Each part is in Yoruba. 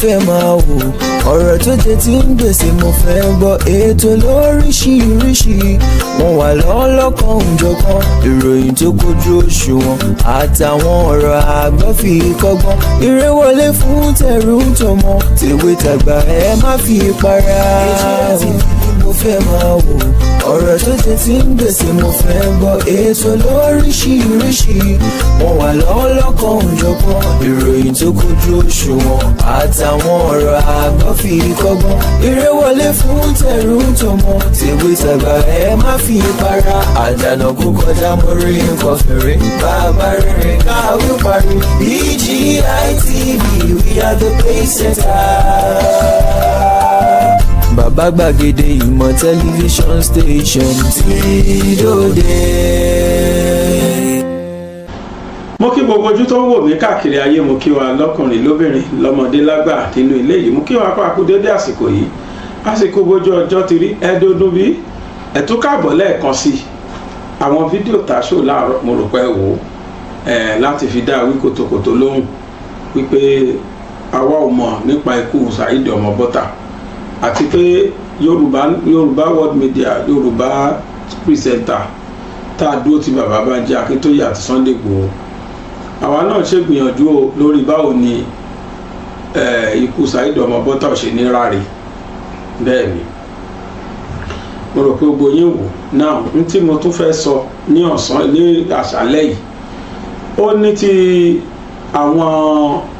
fẹ́ máa wò ọ̀rọ̀ tó jẹ ti ń gbèsè mo fẹ́ gbọ́ ètò lóríṣiríṣi wọn wà lọ́lọ́kan òjọ̀kan ìròyìn tó kojú òṣùwọ̀n àtàwọn ọ̀rọ̀ àgbọ́ fi kọ́gbọ́n eré wọlé fún tẹrú tọmọ tèwe tàgbà ẹ má fi para. ètò àti fẹ́ máa wò ọ̀rọ̀ tó ti ti ń gbèsè mo fẹ́ gbọ́ ètò lóríṣiríṣi wọn wà lọ́wọ́ lọ́kàn òjọ̀gbọ́n ìròyìn tó kojú òṣùwọ̀n àtàwọn ọ̀rọ̀ àgbọ́ fi kọ́gbọ́n eré wọlé fún tẹ̀rù tọmọ tèwe tàgbà ẹ má fi para àdànà kó kọjá mo rí nǹkan fèrè bàbá rere káwé parí BGI TV we are the pace setters bàbá gbàgede ìmọ̀ tẹlifíṣọ̀n station ti dòde. mo kí gbogbo ojú tó ń wò mí káàkiri ayé mo kí wa lọ́kùnrin lóbìnrin lọ́mọdé lágbà nínú ilé yìí mo kí wa pàkú dédé àsìkò yìí àsìkò bójú ọjọ́ ti rí ẹ̀ẹ́dọ́dún bí ẹ̀tún káàbọ̀ lẹ́ẹ̀kan sí àwọn fídíò tàṣó láàárọ̀ mo rò pé wò ó láti fi dá wí kòtòkòtò lóhùn wípé àwa ò mọ̀ nípa ikú Saheed ọmọ bọ́tà àti pé yorùbá yorùbá world media yorùbá presenter tá a dúró ti bàbá Bánjí Akíntóyè àti Sunday Igboho àwa náà ṣègbìyànjú o lórí báwo ni ikú Saheed ọmọ bọ́tà ṣe ní ráre bẹ́ẹ̀ ni mo rò pé gbogbo yín wò náà n tí mo tún fẹ́ sọ ní ọ̀sán ní àṣálẹ́ yìí ó ní ti àwọn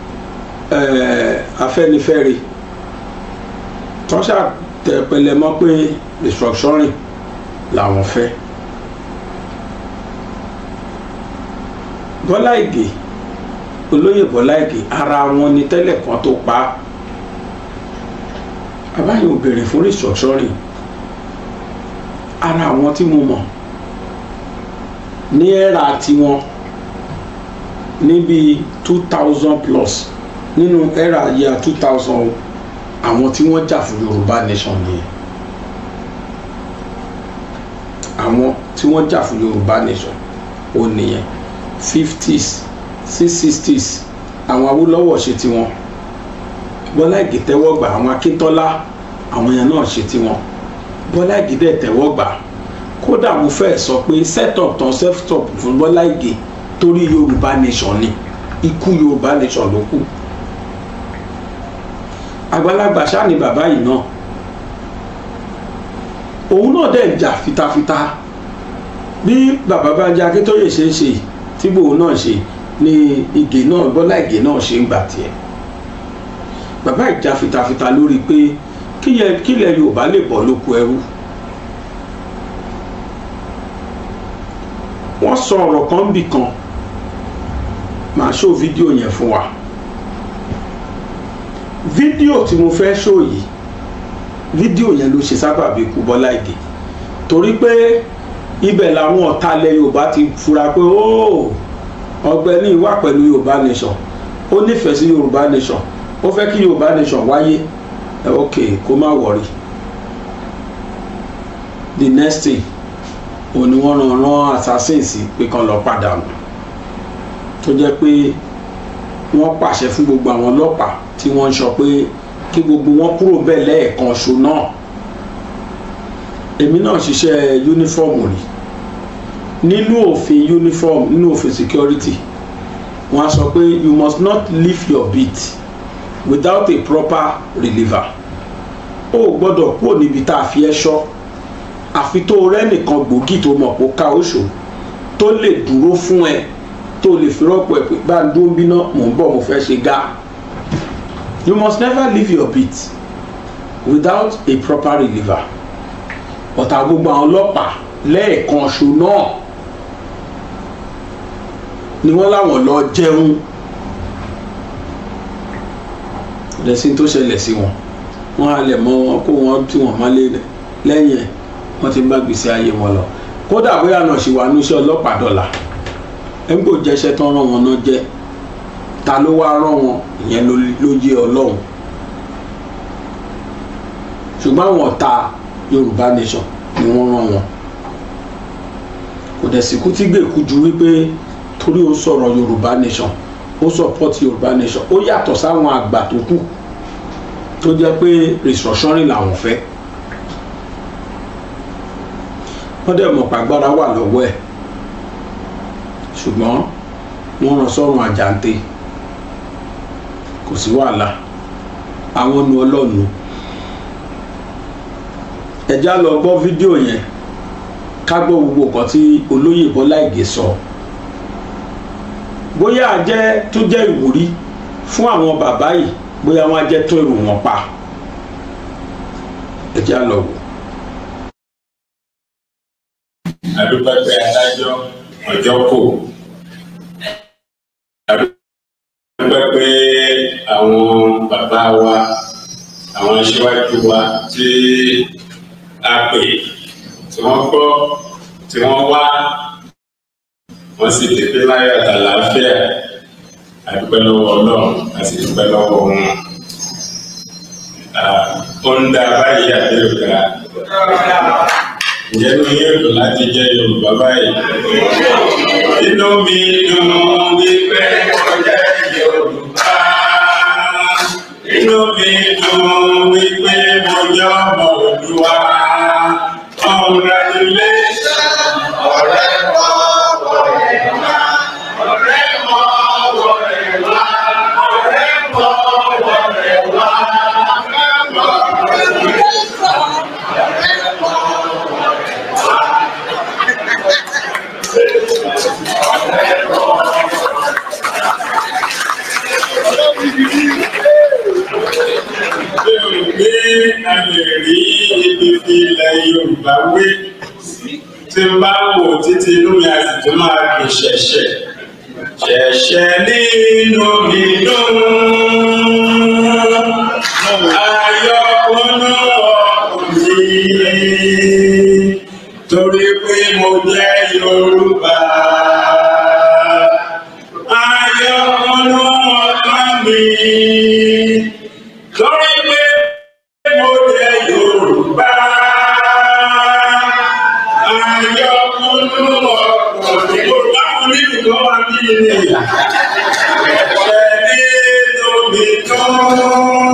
Afẹ́nifẹ́re. Eh, tó ṣàtẹ̀pẹlẹ mọ́ pé restructuring làwọn fẹ́ Bọ́lá Ìgè olóyè Bọ́lá Ìgè ara wọn ni tẹ́lẹ̀ kan tó pa abáyọ̀ ò béèrè fún restructuring ara àwọn tí mo mọ̀ ní ẹ̀rà tiwọn níbi two thousand plus nínú ẹ̀rà yíya two thousand àwọn tí wọ́n jà fún Yorùbá nation nìyẹn àwọn tí wọ́n jà fún Yorùbá nation ò nìyẹn fifties sí sixties àwọn Awólọ́wọ̀ ṣe tiwọn Bọ́lá Ìgè tẹ́wọ́gbà àwọn Akíntọ́lá àwọn yẹn náà ṣe tiwọn Bọ́lá Ìgè dẹ̀ tẹ́wọ́gbà kódà mo fẹ́ sọ pé set up tán set up fún Bọ́lá Ìgè torí Yorùbá nation ni ikú Yorùbá nation ló kù àgbàlagbà ṣáà ni bàbá yìí náà òun náà dẹ̀ jà fitafita bí bàbá Bánjí Akíntóyè ṣe ń ṣe tí gbòun náà ṣe ni Ìgè náà Bọ́lá Ìgè náà ṣe ń gbà tiẹ̀ bàbá ìjà fitafita lórí pé kílẹ̀ Yorùbá lè bọ́ lóko ẹrú wọ́n sọ ọ̀rọ̀ kan bì kan màá ṣó fídíò yẹn fún wa fídíò tí mo fẹ́ ṣó yìí fídíò yẹn ló ṣe sábàbí ikú Bọ́lá Ìgè torí pé ibẹ̀ làwọn ọ̀tá ilẹ̀ Yorùbá ti fura pé óò ọ̀gbẹ́ni wà pẹ̀lú Yorùbá nation ó nífẹ̀ẹ́ sí Yorùbá nation ó fẹ́ kí Yorùbá nation wáyé ok kó má wọ̀rí the next thing òun ni wọ́n ran ran assassins pé kán lọ padà nù tó jẹ́ pé wọ́n pàṣẹ fún gbogbo àwọn ọlọ́pàá tí wọ́n ń sọ pé kí gbogbo wọn kúrò bẹ́ẹ̀ lẹ́ẹ̀kan ṣo náà èmi náà ṣiṣẹ́ yúnífọ́ọ̀mù rí nínú òfin uniform nínú òfin security wọ́n á sọ pé you must not leave your beat without a proper reliever ó gbọ́dọ̀ kúrò níbi tá a fi ẹ́ ṣọ́ àfi tó rẹ́ nìkan gbòógì tó mọ̀ kó ká oṣù tó lè dúró fún ẹ tó lè fi rọ́pò ẹ pé bá a dúró bíná mò ń bọ̀ mo fẹ́ ṣe gáà You must never leave your pit without a proper reliever. Ọ̀tà gbogbo àwọn ọlọ́pàá lẹ́ẹ̀kan ṣo náà ni wọ́n láwọn lọ jẹun lẹ́sìn tó ṣẹlẹ̀ sí wọn wọ́n halẹ̀ mọ́ wọn kó wọn tí wọ́n má lé lẹ́yìn ẹ̀ wọ́n ti bá gbèsè ayé wọn lọ kódà bóyá náà ṣì wà ní iṣẹ́ ọlọ́pàá dọ̀là ẹ̀ ń gbòjẹ́ṣẹ́ tán rán wọn náà jẹ́ ta ló wá rán wọn ìyẹn ló yé ọlọ́run ṣùgbọ́n àwọn ọ̀tá yorùbá nation ni wọ́n rán wọn kò dẹ̀ sí kú tí gbèkú ju wípé torí ó sọ̀rọ̀ yorùbá nation ó support yorùbá nation ó yàtọ̀ sáwọn àgbà tó kù tó jẹ́ pé restructuring làwọn fẹ́ wọ́n dẹ̀ mọ̀ pàgbára wà lọ́wọ́ ẹ̀ ṣùgbọ́n wọ́n rán sọ́run àjàǹtẹ̀ kò sí wàhálà àwọn nu ọlọ́nu ẹ̀já lọ gbọ́ fídíò yẹn ká gbọ́ gbogbo nǹkan tí olóyè Bọ́lá Ìgè sọ bóyá àjẹ́ tó jẹ́ ìwúrí fún àwọn bàbá yìí bóyá wọ́n á jẹ́ tó èrò wọn pa ẹ̀já lọ wò. àdúgbò pé adájọ́ ọjọ́ kò. bàbá wa àwọn aṣíwájú wa tí a pè tí wọ́n gbọ́ tí wọ́n wá wọ́n sì dépé láyọ̀ àtàlàáfíà àdúpẹ́ lọ́wọ́ ọlọ́run àti dúpẹ́ lọ́wọ́ wọn. ó ń da báyìí àbẹ́òkà ǹjẹ́ ní yóò láti jẹ́ yorùbá báyìí. inú mi dùn wípé ó yorùbá. we tó wípé mo yọ̀ mọ́. a lè rí ibi fi ilẹ̀ Yorùbá wé tí n bá wò títí inú mi a sì máa fi ṣẹ̀ṣẹ̀ ṣẹ̀ṣẹ̀ nínú mi dùn ayọ̀kúnú ọkùnrin torí pé mo jẹ́ Yorùbá. Thank you.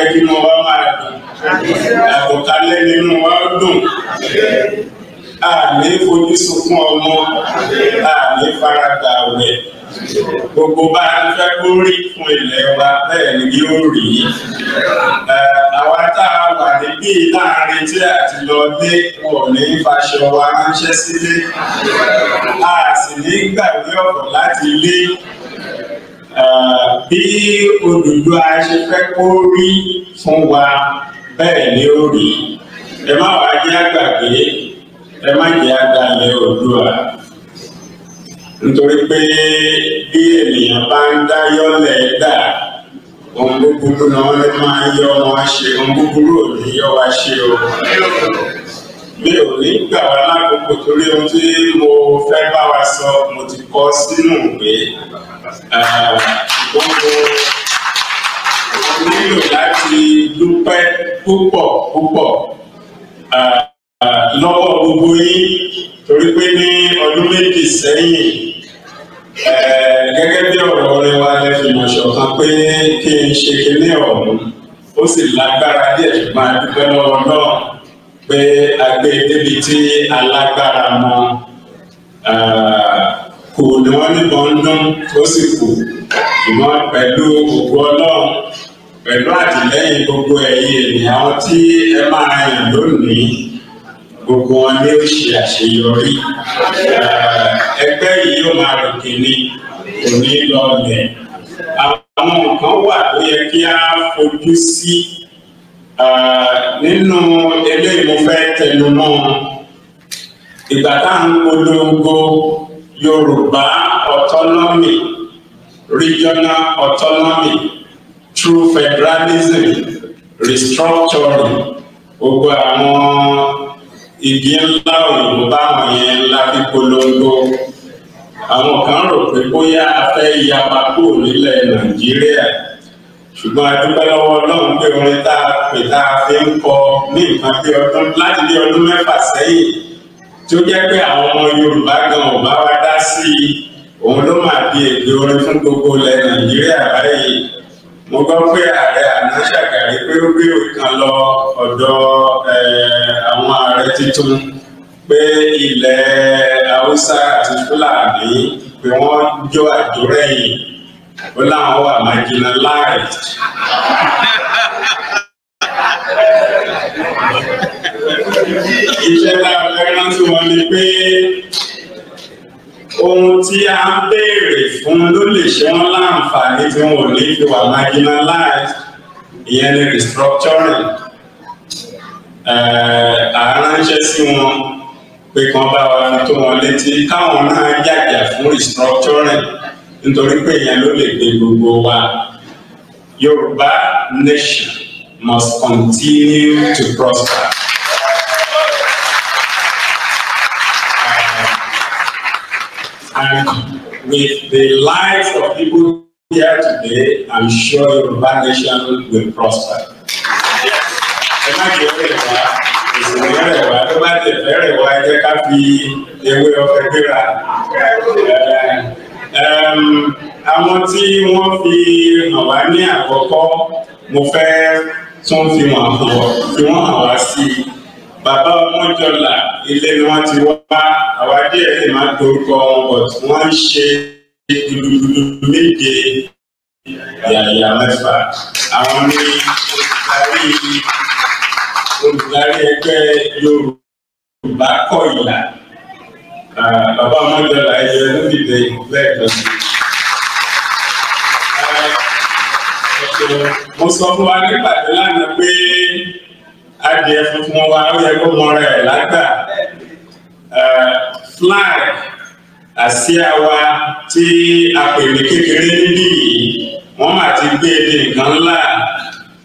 jẹ́ kí inú wa máa dùn àkọ̀kálẹ̀ nínú wa dùn àní fojú sunkún ọmọ àní farada wẹ̀ gbogbo bá a fẹ́ kó rí fún ilẹ̀ wa bẹ́ẹ̀ ni yóò rí àwa tá a wà níbí láàrin tí a lọ dé wọn ní faṣọ wa ránṣẹ́ sílé a sì ní gbàgbé ọ̀pọ̀ láti lé bí Odùduwà ṣe fẹ́ kó rí fún wa bẹ́ẹ̀ ni ó rí ẹ má wàá jẹ́ àgbàgbé ẹ má jẹ́ àgbàgbé Odùduwà nítorí pé bí ènìyàn bá ń dá yọ́lẹ̀ dà ohun búburú náà lè máa yọ wọn ṣe ohun búburú ò ní yọ wá ṣe o mi ò ní gbà wá lákòókò torí ohun tí mo fẹ́ bá wa sọ mo ti kọ sínú ìwé ṣùgbọ́n mo nílò láti dúpẹ́ púpọ̀ púpọ̀ lọ́wọ́ gbogbo yín torí pé ní ọdún méjì sẹ́yìn gẹ́gẹ́ bí ọ̀rọ̀ orin wa lè fi mọ̀ ṣọ̀kan pé kí n ṣe kinní ọ̀hún ó sì lágbára díẹ̀ ṣùgbọ́n dúpẹ́ lọ́wọ́ náà pé a gbé e débi tí alágbára mọ kò ní wọ́n níbọn dún ó sì kù ìmọ̀ pẹ̀lú òkú ọlọ́run pẹ̀lú àtìlẹ́yìn gbogbo ẹ̀yin ènìyàn tí ẹ máa yàn lónìí gbogbo wọn ní ó ṣe àṣeyọrí ẹgbẹ́ yìí yóò máa ròkè ní òní lọ́ọ̀lẹ̀ àwọn nǹkan wà tó yẹ kí a fojú sí. Eh, nínú eléyìí ìmúfẹ́ fẹ́ mọ́ ìgbà tá à Yorùbá autonomy regional autonomy true federalism restructuring gbogbo àwọn igi ńlá òyìnbó báwọn yẹn ńlá fi polongo àwọn kan rò pé bóyá a fẹ́ yapa kúrò nílẹ̀ Nàìjíríà. ṣùgbọ́n adúgbò lọ́wọ́ ọlọ́run pé orin tá a pè tá a fi ń kọ ní nǹkan bí ọdún láti bí ọdún mẹ́fà sẹ́yìn tí ó jẹ́ pé àwọn ọmọ Yorùbá gan ò bá wa dá sí i òun ló máa di èdè orin fún gbogbo ilẹ̀ Nàìjíríà báyìí mo gbọ́ pé ààrẹ àná Ṣàgàrí pé ó gbé òkan lọ ọ̀dọ̀ àwọn ààrẹ tuntun pé ilẹ̀ Haúsá àti Fúlàní pé wọ́n jó àjò rẹ̀yìn ó láwọn wà marginalized. iṣẹ́ tá a fẹ́ rántí wọn ni pé ohun tí a ń béèrè fún ló lè ṣe wọn láǹfààní tí wọn ò ní fi wà marginalized ìyẹn ni restructuring àránṣẹ́ sí wọn pé kan bá wa tó wọn létí káwọn náà yàgbà fún restructuring nítorí pé ìyẹn ló lè gbé gbogbo wa Yorùbá nation must continue to prosper. And with the lives of people here today, I'm sure Yoruba nation will prosper. Ẹ má jẹ́ ọ̀rẹ́ wa, ìsìnkú ọ̀rẹ́ wa, tó bá tẹ̀ fẹ́rẹ̀ wa, ẹ jẹ́ ká fi ewé ọ̀fẹ́ gbéra àwọn tí wọ́n fi hàn wá ní àkọ́kọ́ mo fẹ́ tún fi wọ́n hàn fi wọ́n hàn wá sí i bàbá ọmọjọlá ilé ni wọ́n ti wá àwa díẹ̀ lè má dorúkọ wọn but wọ́n ń ṣe dúdúdúdú méje yàyà mẹ́fà àwọn ní olùdarí olùdarí ẹgbẹ́ Yorùbá kọ̀yà bàbá mọ́jọ́ là ẹ jẹ ló dìde lẹ́ẹ̀kan sí. mo sọ fún wa nípàdé lánàá pé adìẹ funfun wa ó yẹ kó mọra ẹ̀ lágbà flag àsíá wa tí a pè ní kékeré níbí yìí wọ́n ti gbé e ní nǹkan ńlá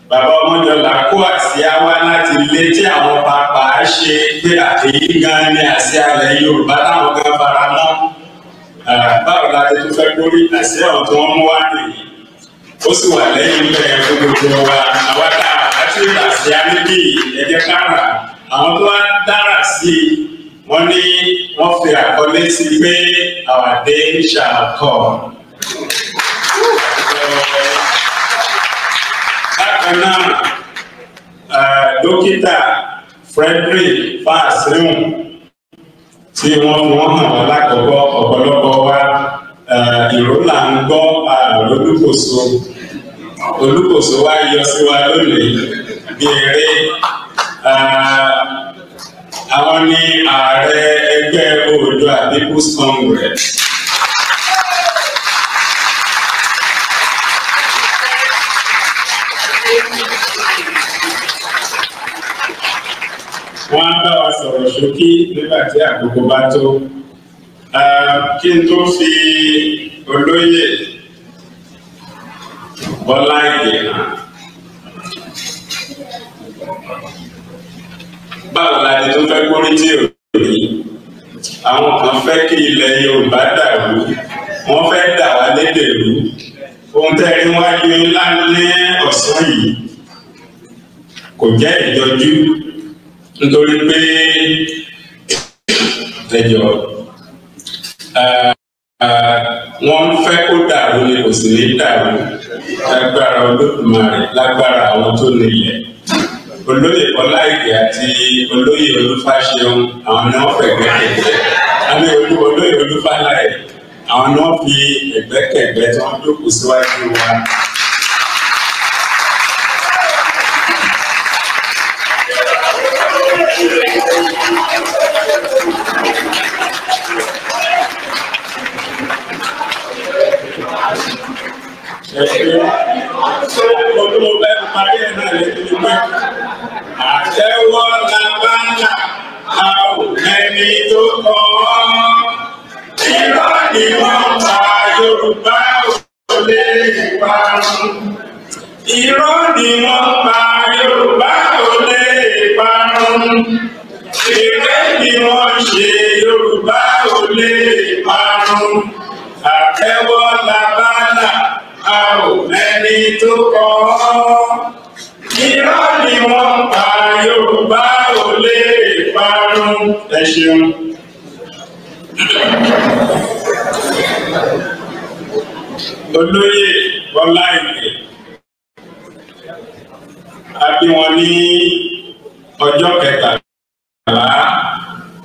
bàbá ọmọjọlá kó àsíá wá láti ilé tí àwọn pàpà ṣe pé àtẹ̀yí gan ni àsíá rẹ̀ yorùbá táwọn kan fara mọ́ báwo la ti tún fẹ́ kórí àsíá ọ̀tún ọmọ wa nìyí ó sì wà lẹ́yìn bẹ́ẹ̀ fún gbogbo wa àwa tá a ti rí àsíá níbí ẹ̀jẹ̀ kára àwọn tó wá dára sí i wọ́n ní wọ́n fi àkọlé sí pé our day shall come bákan náà eh, dókítà Frederick Fasihun tí wọ́n fi wọ́n hàn wọ́n lákọ̀ọ́kọ́ ọ̀pọ̀lọpọ̀ wa eh, ìró là ń gbọ́ olùkóso olùkóso wa yọ sí wa lónìí bí eré eh, àwọn ni ààrẹ ẹgbẹ́ Oòduà People's Congress. wọ́n á bá wa sọ̀rọ̀ ṣókí nígbà tí àkókò bá tó. kí n tó fi olóyè Bọ́lá Ìgè hàn. báwo la ti tó fẹ́ kórí tí ò ní àwọn kan fẹ́ kí ilẹ̀ Yorùbá dàrú wọ́n fẹ́ dà wá lédèrú ohun tẹ́ rí wájú ńlá ní ọ̀sán yìí kò jẹ́ ìjọjú nítorí pé ẹjọ wọ́n ń fẹ́ kó dàrú ni kò sì ní dàrú lágbára olódùmarè lágbára àwọn tó nílẹ̀ olóyè ọláìkè àti olóyè olúfàṣẹun àwọn ni wọ́n fẹ̀gbẹ́ kẹ̀gbẹ́ àmì olóyè olúfàlàyé àwọn ni wọ́n fi ẹ̀gbẹ́kẹ̀gbẹ́ tí wọ́n jókòó síwájú wa. ẹ̀ṣẹ̀ ṣé olówó bẹ́ẹ̀ parí ẹ̀ náà lè fi pé àtẹ́wọ́ la bá ń là a ò mẹ́ni tó kọ́ ọ́ irọ́ ni wọ́n a ò mẹ́ni tó kọ́ irọ́ ni wọ́n pa Yorùbá ò lè parun ẹ ṣeun. olóyè Bọ́lá Ìgè a bí wọn ní ọjọ́ kẹtàlá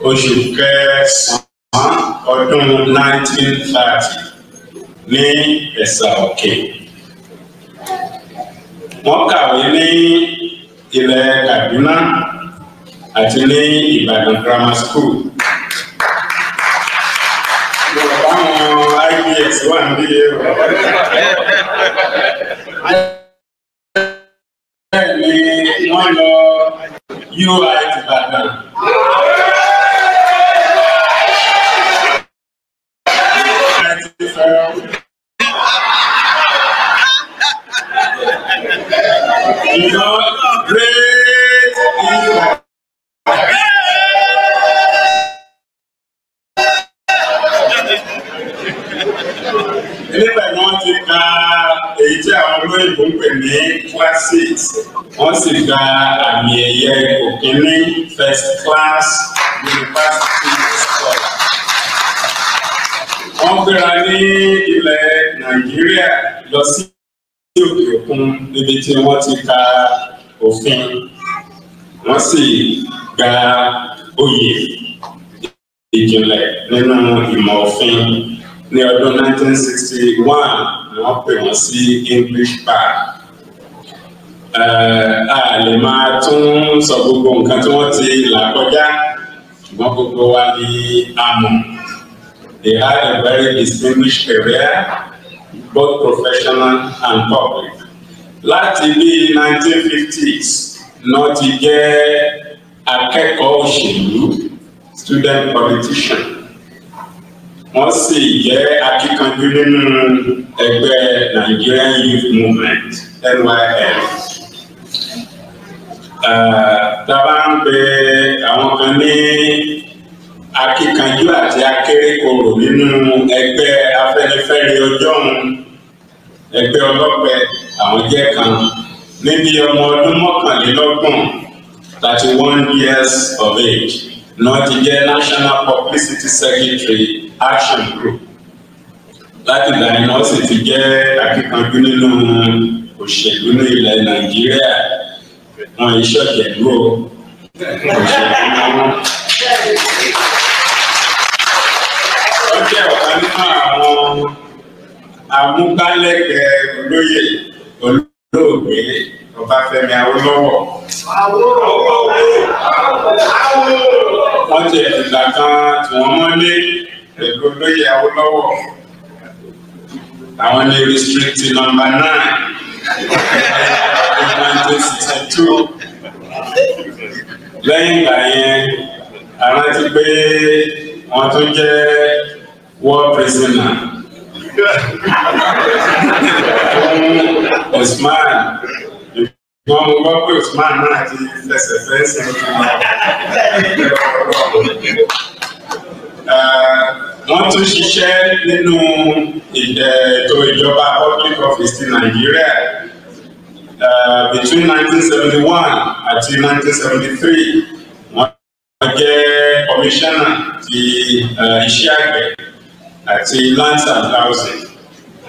oṣù kẹsàn-án ọdún nineteen thirty ní ẹ̀sà òkè. Wọ́n kàwé ní ilẹ̀ Kaduna àti ní Ìbàdàn Grammar School. Yorùbá wọn IBS wà ní Yorùbá. Bẹ́ẹ̀ ni wọ́n lọ UI ti Ìbàdàn. gba àmì ẹ̀yẹ òkèlè first class university scholar. wọ́n gbéra ní ilẹ̀ nàìjíríà lọ sí òkè òkun níbi tí wọ́n ti ka òfin wọ́n sì gba oyè ìjìnlẹ̀ nínú ìmọ̀ òfin ní ọdún 1961 ni wọ́n pè wọ́n sí English Park. Eh, a lè máa tún sọ gbogbo nǹkan tí wọ́n ti là kọjá ṣùgbọ́n gbogbo wa ni a They had a very distinguished career, both professional and public. Láti bí 1950s náà ti jẹ́ akẹ́kọ̀ọ́ òṣèlú student politician. Wọ́n sì jẹ́ akíkanjú nínú ẹgbẹ́ Nigerian Youth Movement NYF tábà ń bẹ àwọn kan ní akíkanjú àti akérèkọrò nínú ẹgbẹ́ Afẹ́nifẹ́re ọjọ́un ẹgbẹ́ ọlọ́pẹ àwọn jẹ́ kan níbi ọmọ ọdún mọ́kànlélọ́gbọ̀n thirty one years of age náà ti jẹ́ National Publicity Secretary Action Group láti ìgbà yẹn náà sì ti jẹ́ akíkanjú nínú òṣèlú ní ilẹ̀ Nàìjíríà wọn iṣẹ́ kẹ̀lú o ó jẹ́ ọ̀kan nínú àwọn amúgbálẹ́gbẹ̀ẹ́ olóyè olóògbé Ọbáfẹ́mi Awólọ́wọ̀. wọ́n ti ẹ̀dùgbà kan tí wọ́n mọ́lé pẹ̀lú olóyè Awólọ́wọ̀ àwọn ní restrict number nine lẹ́yìn ìgbà yẹn a rántí pé wọ́n tún jẹ́ war prisoner fún Usman wọ́n mú gbọ́ pé Usman náà ti fẹsẹ̀ fún wa tún ṣiṣẹ́ nínú ètò ìjọba public office ti nàìjíríà eh, between nineteen seventy one àti nineteen seventy three wọ́n jẹ́ kọmíṣánná ti eh, iṣẹ́ àgbẹ̀ àti lands and housing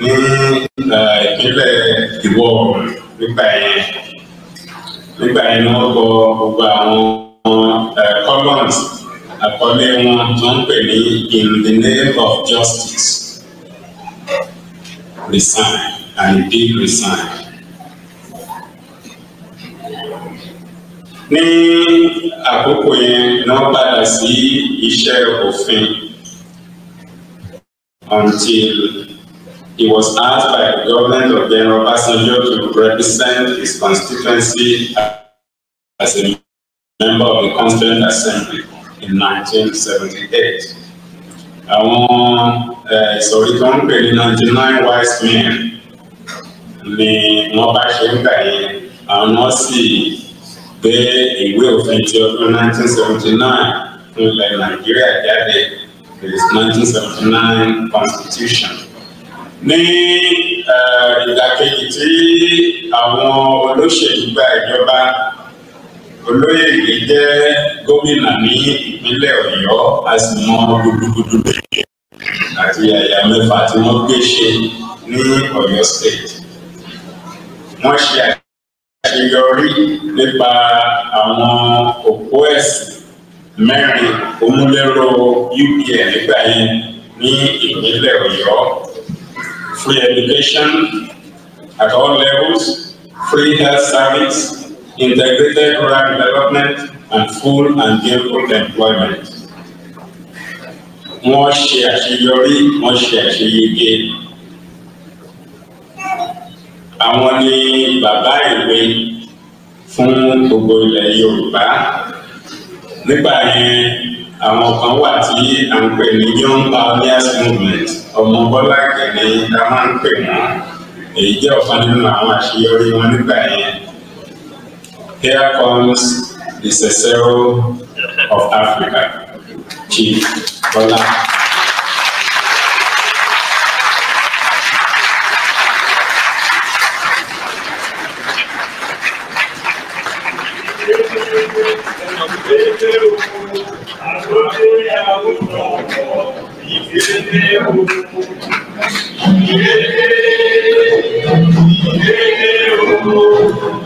ní eh, ìpínlẹ̀ ìwọ̀ oòrùn nígbà yẹn nígbà yẹn ni wọ́n kọ gbogbo àwọn columns. àkọlé wọn tó ń pè ní in the name of justice resign and did resign. ní àkókò yẹn ni wọ́n padà sí iṣẹ́ òfin until He was asked by the government of General Obasanjo to represent his constituency as a member of the Constituent Assembly. in 1978. Àwọn eh, ìsọ̀rí tó ń pè ní 99 wise men ni wọ́n bá ṣe ń gbà yẹn àwọn wọ́n sì gbé ìwé òfin ti ọdún 1979 fún ilẹ̀ Nàìjíríà jáde is 1979 constitution. Ní eh, ìdàkejì tí àwọn olóṣèlú gba ìjọba olóyè ìgbé jẹ́ gómìnà ní ìpínlẹ̀ ọ̀yọ́ a sì mọ gúdúgúdú lẹ́yìn àti àyà mẹ́fà tí wọ́n gbé ṣe ní ọ̀yọ́ state wọ́n ṣe àṣeyọrí nípa àwọn òpó ẹ̀sìn mẹ́rin omúlẹ́rọ UPN nígbà yẹn ní ìpínlẹ̀ ọ̀yọ́ free education at all levels free health service integrated rural development and full and gainful employment. Wọ́n ṣe àṣeyọrí, wọ́n ṣe àṣeyege. Àwọn ni bàbá ìwé fún gbogbo ilẹ̀ Yorùbá. Nígbà yẹn, àwọn kan wà tí à ń pè ní Young Pioneers Movement, ọmọ Bọ́lá Kẹ̀lé ká máa ń pè wọ́n. Èyí jẹ́ ọ̀kan nínú àwọn àṣeyọrí wọn nígbà yẹn. Here comes the Cicero of Africa, Chief Bola.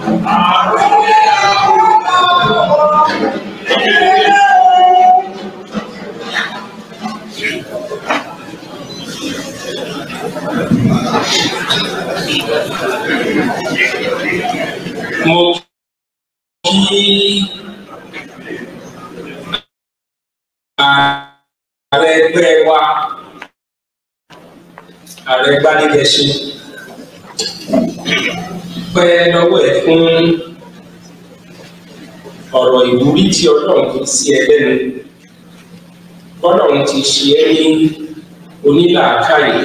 Thank lọ gbá níbi ẹṣin pẹ́ lọ́wọ́ ẹ̀ fún ọ̀rọ̀ ìwúrí tí ọlọ́run fi sí ẹ lẹ́nu ọlọ́run ti ṣe ẹ́ ní onílàákàyè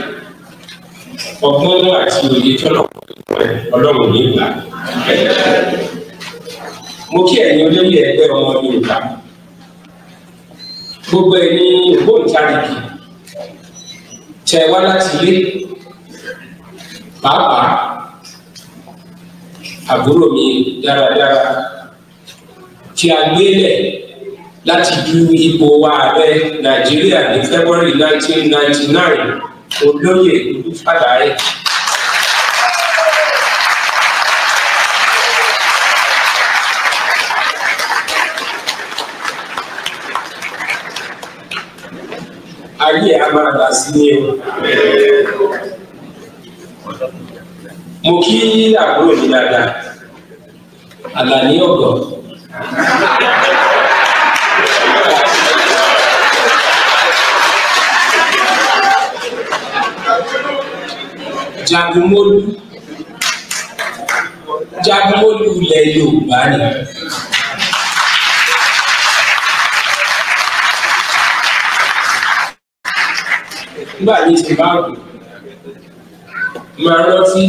ọgbọ́n àti òye tọ́lọ̀ ọlọ́run ní ìgbà. mo kí ẹ̀yin olóyè ẹgbẹ́ ọmọ yorùbá gbogbo ẹni ògbóǹtarìgì tẹ wá láti ilé pàápàá àbúrò mi dáradára tí a gbélẹ̀ láti du ipò wa ààrẹ nàìjíríà ní february nineteen ninety nine olóyè olùfàdáyé. ayé a máa dà sí ní o. mo kí àbúrò mi dáadáa àlàní ọ̀gọ̀. jagunmólú jagunmólú ilẹ̀ yorùbá ni. nígbà yìí ti bá wù máa rántí.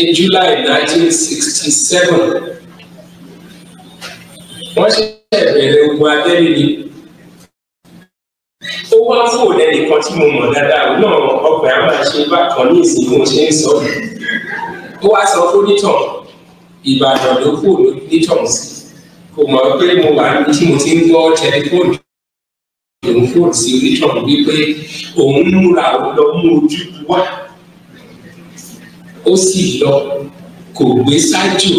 in July 1967 wọ́n ṣe bẹ̀rẹ̀ ogun abẹ́rẹ́ ni ó wá fò lẹ́nìkan tí mo mọ̀ dáadáa náà ọgbà àwọn àṣẹ bákan ní ìsìnkú ṣe ń sọ ó wá sọ fún nítàn Ìbàdàn ló kù nítàn sí kò mọ̀ pé mo wà ní tí mo ti ń gbọ́ tẹlifóònù òun fóònù sí onítàn wípé òun múra òun lọ mú ojú wá. ó sì lọ kò gbé ṣáájú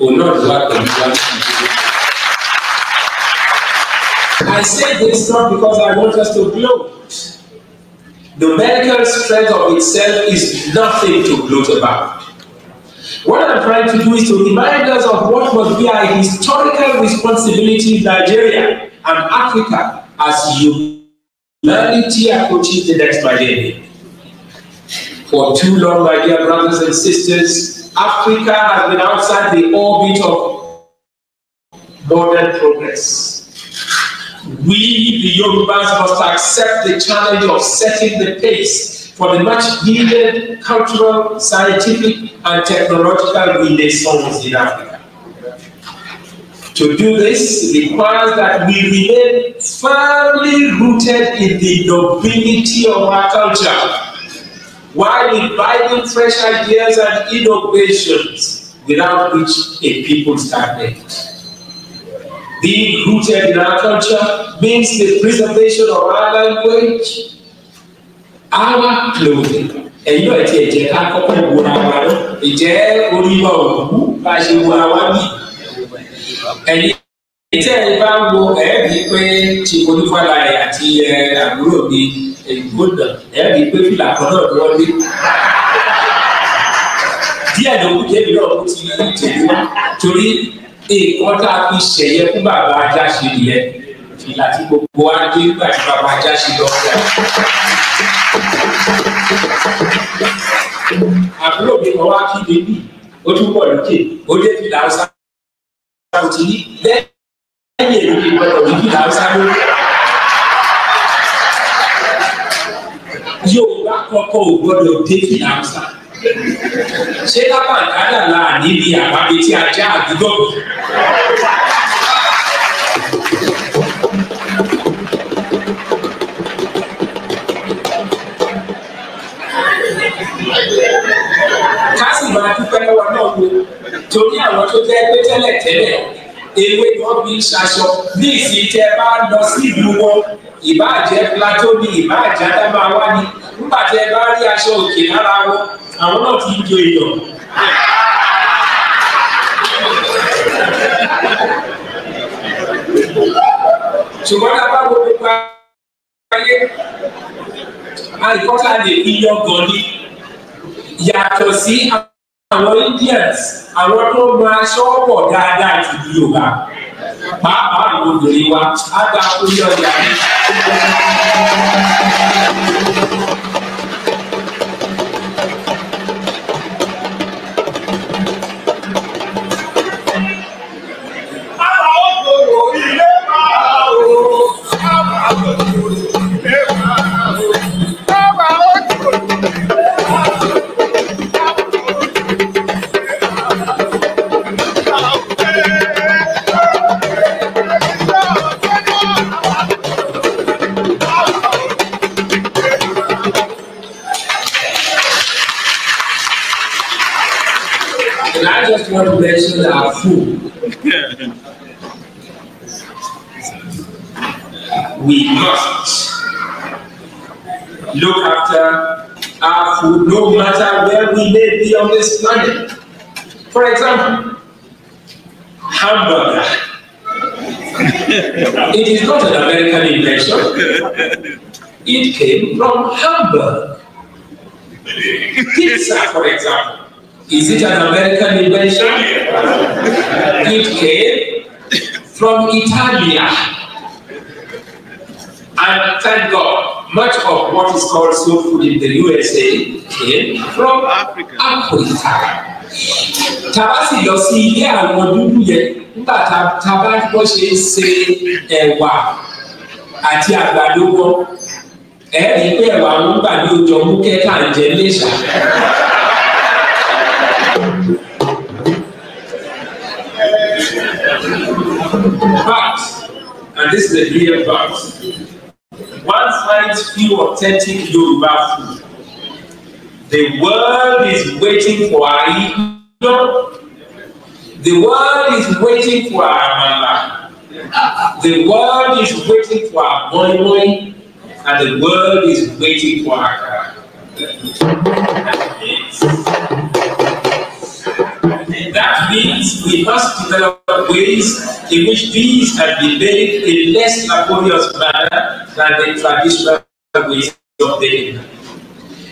òun náà ló pẹ̀lú I say this not because I want us to gloat. The medical strength of itself is nothing to gloat about. What I'm trying to do is to remind us of what must be our historical responsibility in Nigeria and Africa as humanity approaches the next millennium. For too long, my dear brothers and sisters, Africa has been outside the orbit of modern progress. We, the Yorubas, must accept the challenge of setting the pace for the much needed cultural, scientific, and technological renaissance in Africa. To do this requires that we remain firmly rooted in the nobility of our culture while imbibing fresh ideas and innovations without which a people stagnates. Being rooted in our culture means the preservation of our language, our clothing. Ẹ̀yin náà ti ẹ̀jẹ̀ ká kọ́kọ́ wo ara rẹ̀. Ìjẹ́ oríwá òkú bá ṣe wo ara bí? Ẹ̀yin ìtẹ́ ẹ bá wo ẹ̀ẹ́dì pé Chikolúfàlàyé àti àbúrò mi èyíkó náà ẹ̀ ẹ́ pé fìlà kan náà ni wọ́n dé. díẹ̀ ló kú débi náà kú ti rí tèmi wá torí nǹkan tá a fi ṣẹ̀yẹ fún bàbá ajá ṣe nìyẹn fìlà tí gbogbo wa dé nígbà tí bàbá ajá ṣe lọ sí àbúrò mi kan wá kí bèbí ó tún pọ̀ lókè ó dé fìlà ọ̀sán. Àwọn ti ní lẹ́yìn èyí gbọ́dọ̀ ní fìlà ọ̀sán lókè. Yorùbá kọ́kọ́ ò gbọ́dọ̀ dé ìyàwó ṣé lábàkádà la níbi àbábi tí a já àdúgbò. ká sì máa dúpẹ́ lọ́wọ́ náà wo torí àwọn tó jẹ́ pé tẹ́lẹ̀tẹ́lẹ̀ ewé wọn fi ń ṣaṣọ ní ìsìn tẹ bá lọ sí ìlú wọn ìbáàjẹ́ Plateau ní ìbáàjẹ́ Adamawa ni nígbà tí ẹ bá rí aṣọ òkè lára wọn àwọn náà ti ń jo èèyàn. ṣùgbọ́n tá a bá wo gbogbo ayé àìkọ́tà lè fi yọ gan ni yàtọ̀ sí àwọn Indians àwọn tó máa ṣọ́ọ̀bọ̀ dáadáa jù ní Yorùbá pàápàá àwọn obìnrin wa á gba orí ọjà ní. we must look after our food no matter where we may be on this planet. For example, hamburger. it is not an American invention. It came from Hamburg. Pizza, for example. Is it an American invention? it came from Italia. And thank God, much of what is called soul food in the USA came from Africa. Africa. Tabasi lọ sí ilé àwọn dúdú yẹn nígbà tá a bá gbọ́ ṣe ń ṣe ẹ̀wà àti àgbàdo wọn ẹ̀ẹ́dì pé ẹ̀wà ń gbà ní ojú kẹ́kà ń jẹ léṣà. But, and this is a real but, one finds few authentic Yoruba food. The world is waiting for Aido. The world is waiting for Amala. The world is waiting for Aboimoi. And the world is waiting for Akara that means we must develop ways in which these can be made in less laborious manner than the traditional ways of doing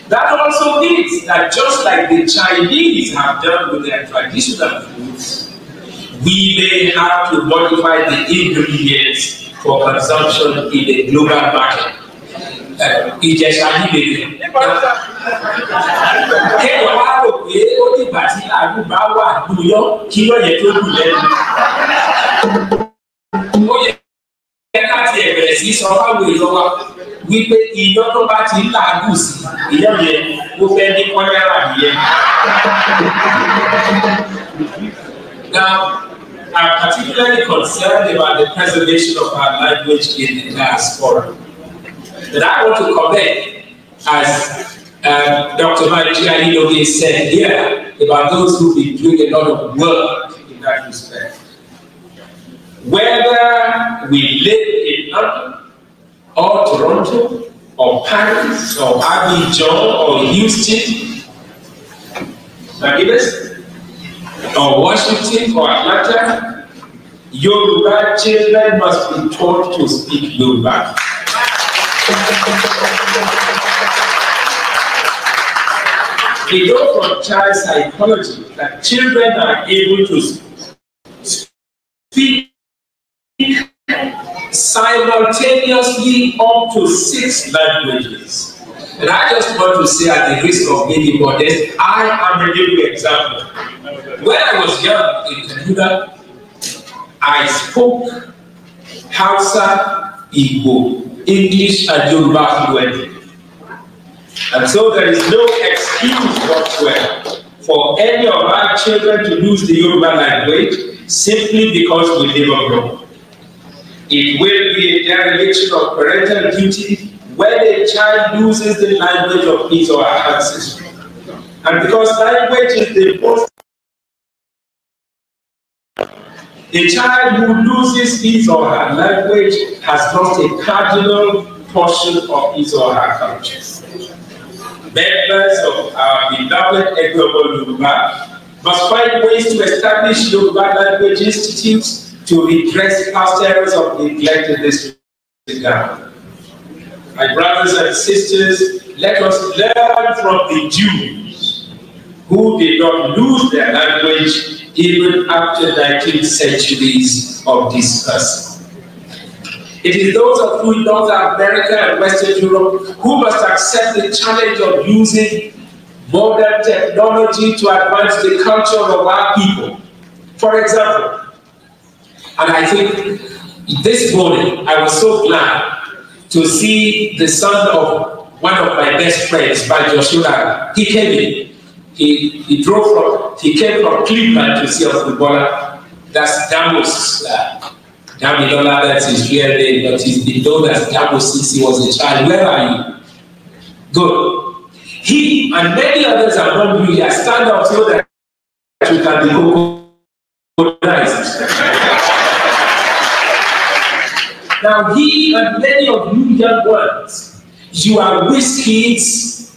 That also means that just like the Chinese have done with their traditional foods, we may have to modify the ingredients for consumption in the global market. Ìjẹ̀sà níbi rẹ̀. ìgbà tí àgùnbá wà gbúyọ́ kí lọ́yẹ̀ tó dùn lẹ́nu. ó yẹ kí láti ẹ̀bẹ̀rẹ̀ sí sọ fáwọn èèyàn wa wípé ìjọ tó bá ti ń làágùn sí ìyá yẹn ló fẹ́ ní kọ́lẹ́rà nìyẹn. Now, I'm particularly concerned about the preservation of our language in the diaspora. That I want to commend as And Dr. Mike Loge said here yeah, about those who've been doing a lot of work in that respect. Whether we live in London or Toronto or Paris or Abidjan or Houston, Barbados, or Washington or Atlanta, Yoruba children must be taught to speak Yoruba. We know from child psychology that children are able to speak simultaneously up to six languages. And I just want to say at the risk of being modest, I am a living example. When I was young in Canada, I spoke Hausa, Igbo, English, and Yoruba fluently. And so there is no excuse whatsoever for any of our children to lose the Yoruba language simply because we live abroad. It will be a dereliction of parental duty when a child loses the language of his or her ancestry. And because language is the most a child who loses his or her language has lost a cardinal portion of his or her culture members of our beloved Equitable Yoruba must find ways to establish Yoruba language institutes to redress past errors of neglect in this regard. My brothers and sisters, let us learn from the Jews who did not lose their language even after 19 centuries of dispersal. It is those of you in North America and Western Europe who must accept the challenge of using modern technology to advance the culture of our people. For example, and I think this morning I was so glad to see the son of one of my best friends, by Joshua. He came in. He, he drove from, he came from Cleveland to see a footballer. That's Damos. Uh, Lola, that is real name, but he's been known as Damo since he was a child. Where are you? Good. He and many others around you here stand up so that you can be recognized. now, he and many of you young ones, you are whiz kids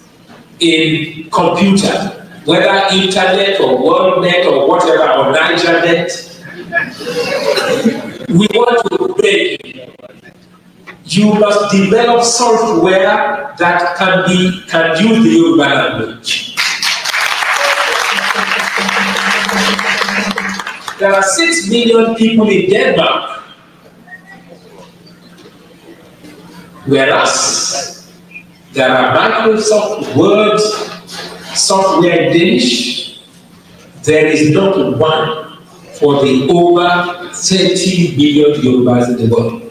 in computer whether internet or world net or whatever or Niger net we want to beg you must develop software that can be can use the Yoruba language. There are six million people in Denmark, whereas there are Microsoft Word software in Danish. There is not one for the over 30 billion Yorubas in the world.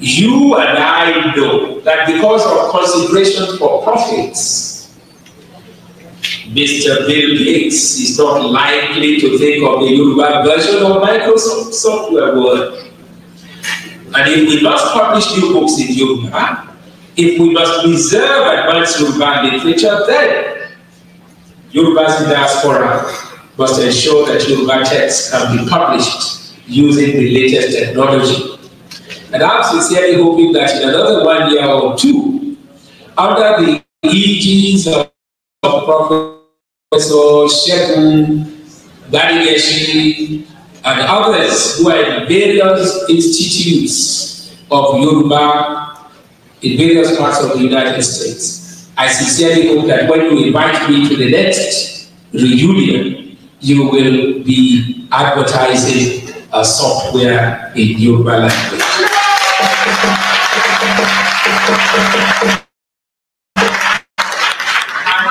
You and I know that because of consideration for profits, Mr. Bill Gates is not likely to think of the Yoruba version of Microsoft software word. And if we must publish new books in Yoruba, if we must preserve advanced Yoruba literature, then Yorubas in diaspora must to ensure that Yoruba texts can be published using the latest technology. And I'm sincerely hoping that in another one year or two, under the aegis of Professor Shekun, Garigeshi, and others who are in various institutes of Yoruba in various parts of the United States. I sincerely hope that when you invite me to the next reunion, you will be advertising a software in your language. I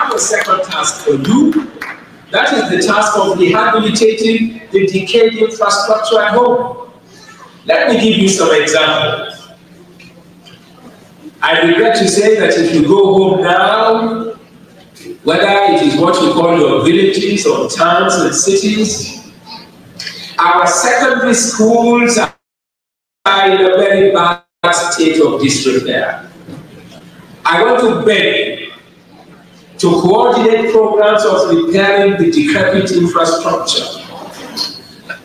have a second task for you. That is the task of rehabilitating the decayed infrastructure at home. Let me give you some examples. I regret to say that if you go home now, whether it is what you call your villages or towns and cities. Our secondary schools are in a very bad state of disrepair. I want to beg to coordinate programs of repairing the decrepit infrastructure.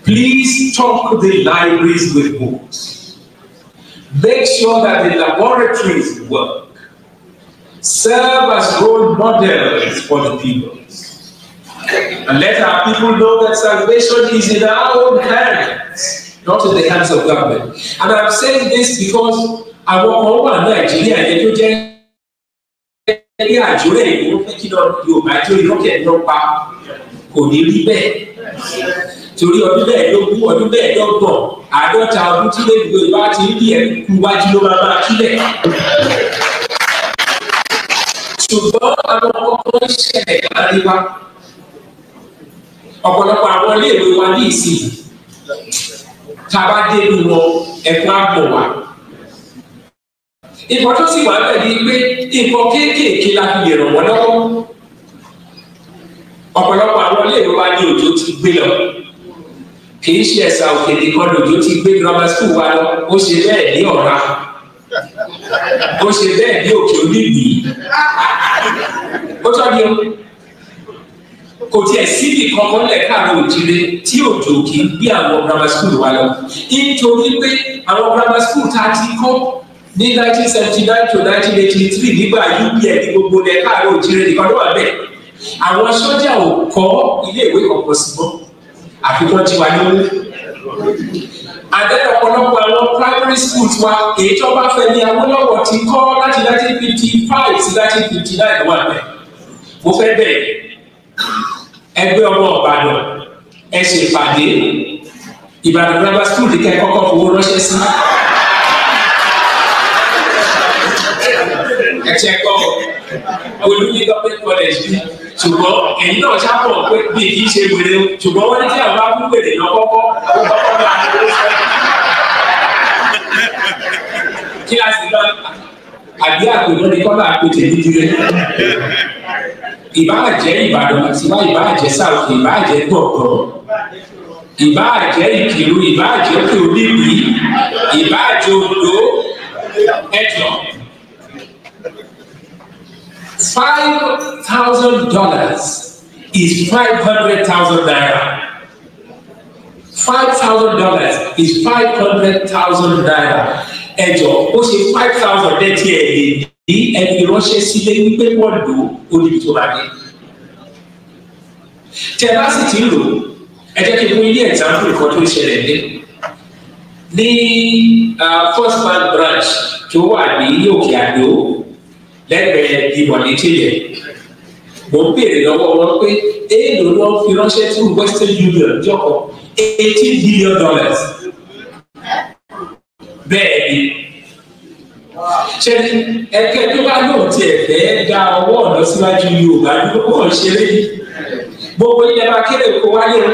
Please stock the libraries with books. Make sure that the laboratories work serve as role models for the people. And let our people know that salvation is in our own hands, not in the hands of government. And I'm saying this because àwọn kan wà Nàìjíríà yẹn You jẹ́ ní àjòrè ìlú fẹ́ kí náà Yorùbá tó ìlọ́kẹ̀ náà pa kò ní rí bẹ́ẹ̀. Torí ọdún mẹ́ẹ̀ẹ́dógún ọdún mẹ́ẹ̀ẹ́dọ́gbọ̀n àádọ́ta ọdún tí lè gbé wá ti ń bí ẹ̀kú wájú ló máa máa kílẹ̀ ṣùgbọ́n àwọn ọkọ̀ tó ń ṣẹlẹ̀ láti wá ọ̀pọ̀lọpọ̀ àwọn iléèwé wa ní ìsìn tá a bá dé inú wọn ẹ̀kọ́ àbọ̀ wá. Nǹkan tó sì wà bẹ́ẹ̀ ni pé nǹkan kéékèèké la fi lè ràn wọ́n lọ́wọ́. ọ̀pọ̀lọpọ̀ àwọn iléèwé wa ní òjò ti gbé lọ kì í ṣe ẹ̀sà òkè nìkan lòjò ti gbé grammar school wa lọ ó ṣe bẹ́ẹ̀ ní ọ̀ra ó ṣe bẹ́ẹ̀ ní òkè onídìí ó tọ́jú o kò tiẹ̀ síbi kankan lẹ̀ káàró òjìlé tí òjò kì í gbé àwọn grammar school wa lọ nítorí pé àwọn grammar school tá a ti kọ́ ní nineteen seventy nine to nineteen eighty three nígbà UPN ní gbogbo lẹ̀ káàró òjìlé nìkan ló wà bẹ́ẹ̀ àwọn sọ́jà ò kọ́ ilé ìwé kankan sí mọ́ àfikún tiwa ní owó àdẹ́rẹ́ ọ̀pọ̀lọpọ̀ àwọn primary schools wa èyí tó bá fẹ́ ní Awólọ́wọ̀ ti kọ́ láti nineteen fifty five sí nineteen fifty nine wà bẹ́ẹ̀ mo fẹ́ bẹ́ẹ̀ ẹgbẹ́ ọmọ Ìbàdàn ẹ ṣe ìpàdé Ìbàdàn grammar school ní kẹ́kọ̀ọ́ kọ́ fowó ránṣẹ́ sí. ẹ ṣe kọ́ ọ olú ní government college bí ṣùgbọ́n èyí náà ṣàpọ̀ pé bí kì í ṣe wèrè ṣùgbọ́n wọ́n ní tí àwọn bá kú wèrè lọ kọ́kọ́ kọ́kọ́ bá a lè sọ. kí a sì lọ àbí àpòlọ́ ni kọ́lá àpòtè dídúrẹ́ ìbáàjẹ́ ìbàdàn ìbá ìbáàjẹ́ sàrùkì ìbáàjẹ́ gbọ̀gbọ̀ ìbáàjẹ́ ìkìlú ìbáàjẹ́ òkè oníbi ìbáàjẹ́ odò ẹ̀jọ̀. Five thousand dollars is 500,000 naira. $5,000 is 500,000 naira. Ẹjọ́ ó ṣe five thousand dẹ́tí ẹ̀ lè ní ẹni ránṣẹ́ sílé wípé wọ́n lò ó níbi tó bá dé. Tẹ bá sì ti ń lò ẹ jẹ́ kí n fún yí ẹ̀sánfù nǹkan tó ṣẹlẹ̀ dé. Ní uh, First Bank branch tó wà ní òkè àdó lẹ́gbẹ̀ẹ́ ìmọ̀létìlẹ̀ mo ń béèrè lọ́wọ́ wọn pé èèlò ló fi ránṣẹ́ fún Western Union jọkọ eighty billion dollars bẹ́ẹ̀ ni ṣé ẹgbẹ́ tó bá lóun tiẹ̀ fẹ́ da ọwọ́ ọ̀nà síwájú Yorùbá ló kọ́ ọ ṣeré yìí gbogbo ilẹ̀ bá kéde kó wáyé o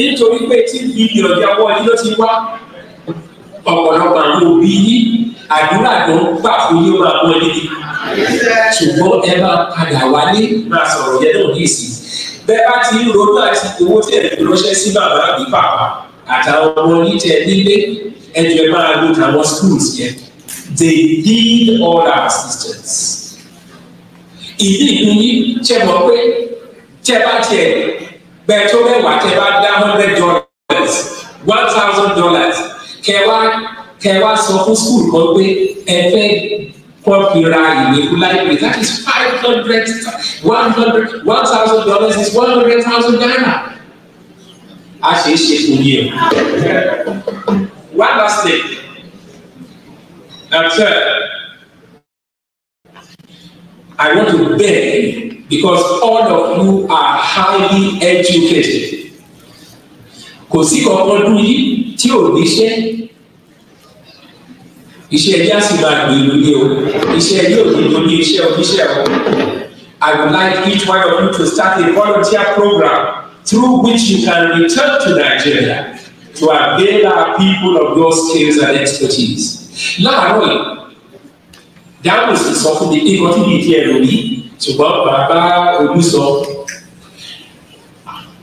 nítorí pé tí bílíọ̀nù ọjà wọ́ọ̀lì ló ti wá ọ̀pọ̀lọpọ̀ àwọn òbí yín àdúrà tó ń gbà fún yín máa mú ẹni ṣùgbọ́n ẹ máa padà wálé máa sọ̀rọ̀ yẹn náà ní ìsìn bẹ́ẹ̀ bá ti ń ronú àti owó tẹ̀ ránṣẹ́ sí bàbá àbí pàpà àtàwọn ọmọ yìí nílé ẹjọ ẹ máa lo tàwọn schools yẹn they need all our assistance. ìdí ìpín yìí ṣe mọ̀ pé tẹ bá tiẹ̀ bẹ́ẹ̀ tó mẹ́wàá tẹ bá dá hundred dollars one thousand dollars kẹwàá kẹwàá sọ fún skul kan pé ẹ fẹ́ kọ́ fi ra ìwé fún láìpẹ́ that is five hundred one hundred one thousand dollars is one hundred thousand naira a ṣe é ṣe fún yín o one last thing na third I want to beg because all of you are highly educated kò sí kankan dún yìí tí ò níṣẹ́ iṣẹ́ ẹjẹ́ àsìgbà gbèrú ni o iṣẹ́ ẹjẹ́ òdodo ní iṣẹ́ oníṣẹ́ o I would like each one of you to start a volunteer program through which you can return to Nigeria to avail our people of those skills and expertise. láàárọ̀ yìí dáhùn sì sọ fún mi pé kọ́tí bíi díẹ̀ lórí ṣùgbọ́n bàbá olùsọ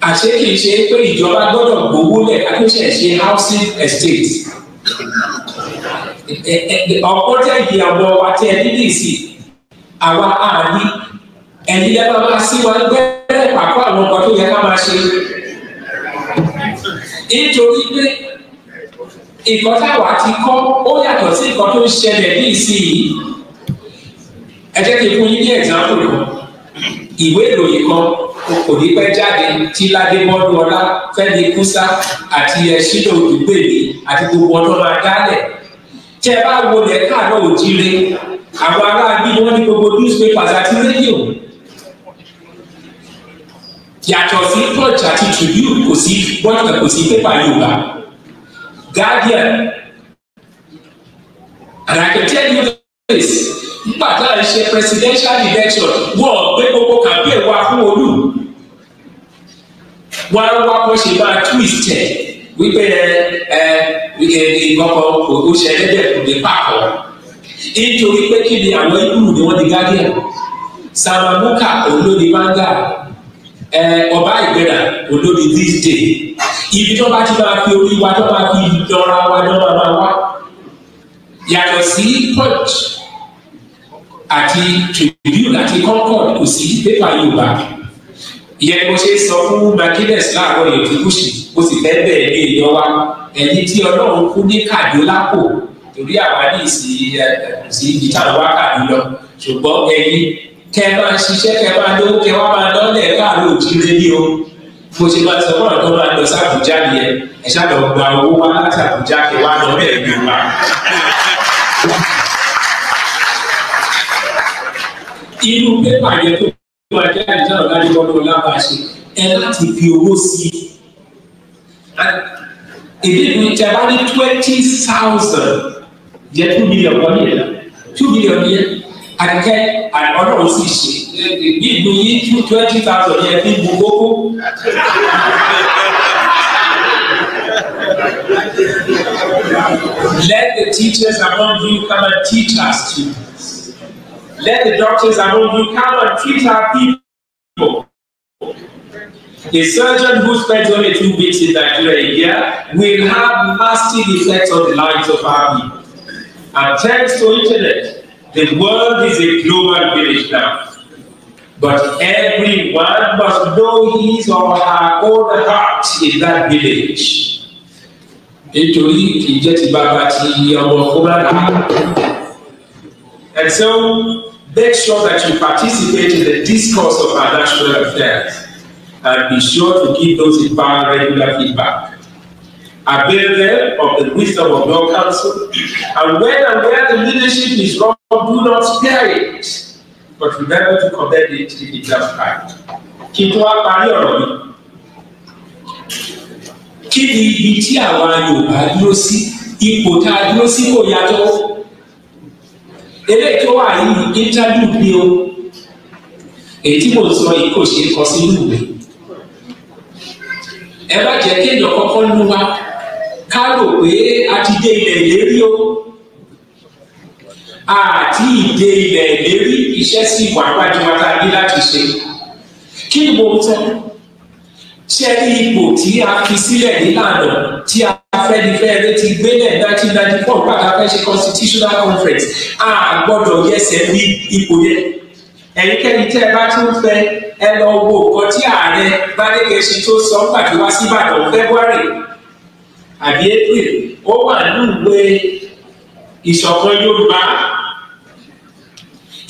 àṣé kì í ṣe pé ìjọba gbọ́dọ̀ gbowó lẹ̀ àtúnṣe ṣe housing estate ọ̀pọ̀ jẹ́ ìyàwó wa tí ẹ nílì sí àwa àní ẹ̀yìn yẹn bá sí wa gbẹ́rẹ́ pàpọ̀ àwọn ọkọ̀ tó yẹ ká máa ṣe nítorí pé nǹkan táwa ti kọ́ ó yàtọ̀ sí nǹkan tó ń ṣẹlẹ̀ ní ìsinyìí ẹ jẹ́ kí n fún yín ní ẹ̀dáńpù ìwé ìròyìn kan kò ní pẹ́ jáde tí ládé mọ́dún ọlá fẹ́mi kúsá àti ẹ̀ṣílò ìgbèlè àti gbogbo ọdún máa dálẹ̀ tẹ́ ẹ bá wo lẹ̀ káàárọ̀ òjire àwọn aráàlú wọn ní gbogbo newspapers àti rédíò yàtọ̀ sí punch àti tribune kò sí bọ́ọ̀lù kò sí pépà yorùbá guardian and i can states nígbà tá à ń ṣe presidential election wọ́n gbé gbogbo campaign wa fún olú wọ́n á wá kó ṣe máa twist ẹ̀ wípé ẹ ẹ ìgbọ́kọ̀ òkú ṣẹlẹ̀ bẹ́ẹ̀ kò ní pààkọ́ nítorí pé kí ni àwọn ibùdó ni wọ́n di guardian samamuka olódi manga ẹ ọba ìgbéra olódi this day ibi tó bá ti máa fi orí wa tó máa fi lọ́ra wa lọ́ra wa wá yàtọ̀ sí punch àti Tribune àti Concord kò sí pépà Yorùbá ìyẹn mo ṣe sọ fún Martinez láàárọ̀ yẹn ti kùsì mo sì fẹ́ bẹ̀ẹ́ ní ìyọ wa ẹ̀yìn tí Ọlọ́run kú ní Kàdúlápò torí àwa ní ìsì ibi táwọn wá Kàdúlọ ṣùgbọ́n ẹ̀yìn kẹ́ ẹ máa ṣiṣẹ́ kẹ́ ẹ máa lówó kẹ́ ẹ wá máa lọ́lẹ̀ káàró òjìlé ní o mo ṣe máa sọ fọ́nà tó máa lọ sí Àbújá nìyẹn ẹ̀ ṣáà lọ gba owó wá láti Àbújá kẹ́ wá lọ bẹ́ẹ̀ gbé wa. inú pépà yẹn tó tó ajá ìjà ọ̀gá ní ọdún lábàá ṣe ẹ láti fi owó sí i èdè ìlú ìjàmbá ní twenty thousand jẹ two million wọ́n yẹn two million yẹn àkẹ́ ọlọ́run sì ṣe ní ìlú yìí two twenty thousand yẹn ní gbogbo let the teachers among you come and teach us too. Let the doctors among you cannot treat our people. A surgeon who spends only two weeks in Nigeria a year will have lasting effects on the lives of our people. And thanks to internet, the world is a global village now. But everyone must know his or her own heart in that village. And so Make sure that you participate in the discourse of our affairs and be sure to give those in power regular feedback. Avail them of the wisdom of your counsel, and when and where the leadership is wrong, do not spare it, but remember to commend it in its own time. Kí n tó wá parí ọ̀rọ̀ mi. Kí ni ibi tí àwa Yorùbá dúró sí? Ipò tá a dúró sí kò yàtọ̀ eléyìí tó wà yìí interview ni o èyí tí mo sọ yìí kò ṣeé kọ sínú ìwé ẹ bá jẹ́ kéèyàn kọ́kọ́ lù wá ká rò pé a ti dé ilẹ̀ ìlérí o àti ìdè ilẹ̀ ìlérí iṣẹ́ sì wà gbajúmọ̀ta ní láti ṣe kí ni mo tọ́ ṣe rí ipò tí a fi sílẹ̀ nílànà tí a afẹ́nifẹ́ rẹ ti gbélẹ̀ dájúdájú fún ọ̀pá àkàfẹ́ṣe constitutional conference a gbọ́dọ̀ yẹsẹ̀ rí ipò yẹn ẹnikẹ́ni tẹ́ ẹ bá tún fẹ́ ẹ lọ wo nǹkan tí ààrẹ bádẹ́gẹ́ ṣe tó sọ pàtó wá sí Ìbàdàn February àbí April ó wà níwèé ìṣọ̀kan Yorùbá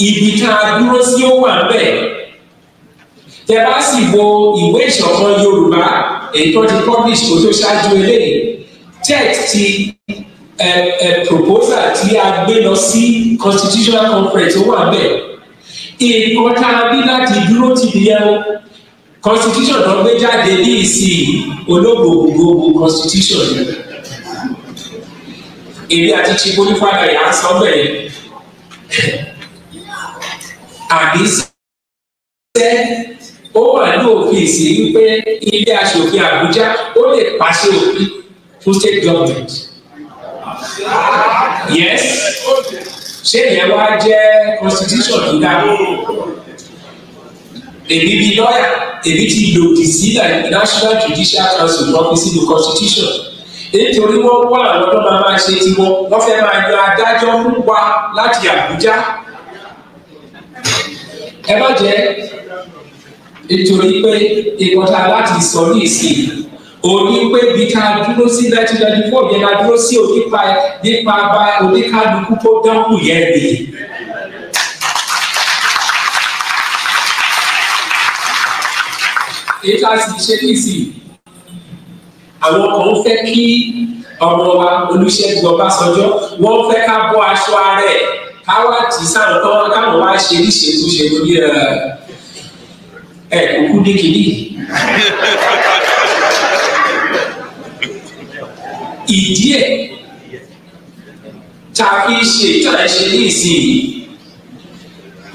ibi tá a dúró sí ó wà ń bẹ̀ tẹ́ bá sì wo ìwé ìṣọ̀kan Yorùbá èyí tó ti publish kó tó ṣáájú eléyìí text ti ẹ ẹ proposal tí a gbé lọ sí constitutional conference ó wà bẹ́ẹ̀ nǹkan tá a bí láti dúró ti di ẹ o constitution tó gbé jáde ní ìsìn olóògbòògbò constitution èmi àti chibu nípadà yà á sọ bẹ́ẹ̀ àbí sẹ́ ó wà ní òfin ìsìn wípé ilé aṣòfin Àbújá ó lè pàṣẹ òfin fún state government yes ṣé ìyẹn wá jẹ́ constitution tó dá èmi bíi lọ́yà èmi ti lòdì sí national judicial council wọ́n fi the constitution nítorí wọ́n wá àwọn tó máa máa ṣe tiwọn wọ́n fẹ́ máa yọ adájọ́ ń wá láti Àbújá ẹ má jẹ́ nítorí pé ìkọta láti sọ ní ìsìn òní pé bí ká dúró sí nineteen ninety four yẹn ká dúró sí onípa nípa bá oníkálukú tó dáhùn yẹn ni. èyí ká sì ṣe kí sí àwọn kan fẹ́ kí ọmọ wa Olúṣẹ́gun Ọbásanjọ́ wọ́n fẹ́ ká bọ́ aṣọ ara ẹ̀ ká wá tì sáà tán káwọn wá ṣe níṣekúṣe lórí ẹ̀ ẹ̀ kúkú ní ìdí ẹ̀ ta kí ṣe ìtọ́lá ṣe ní ìsinyìí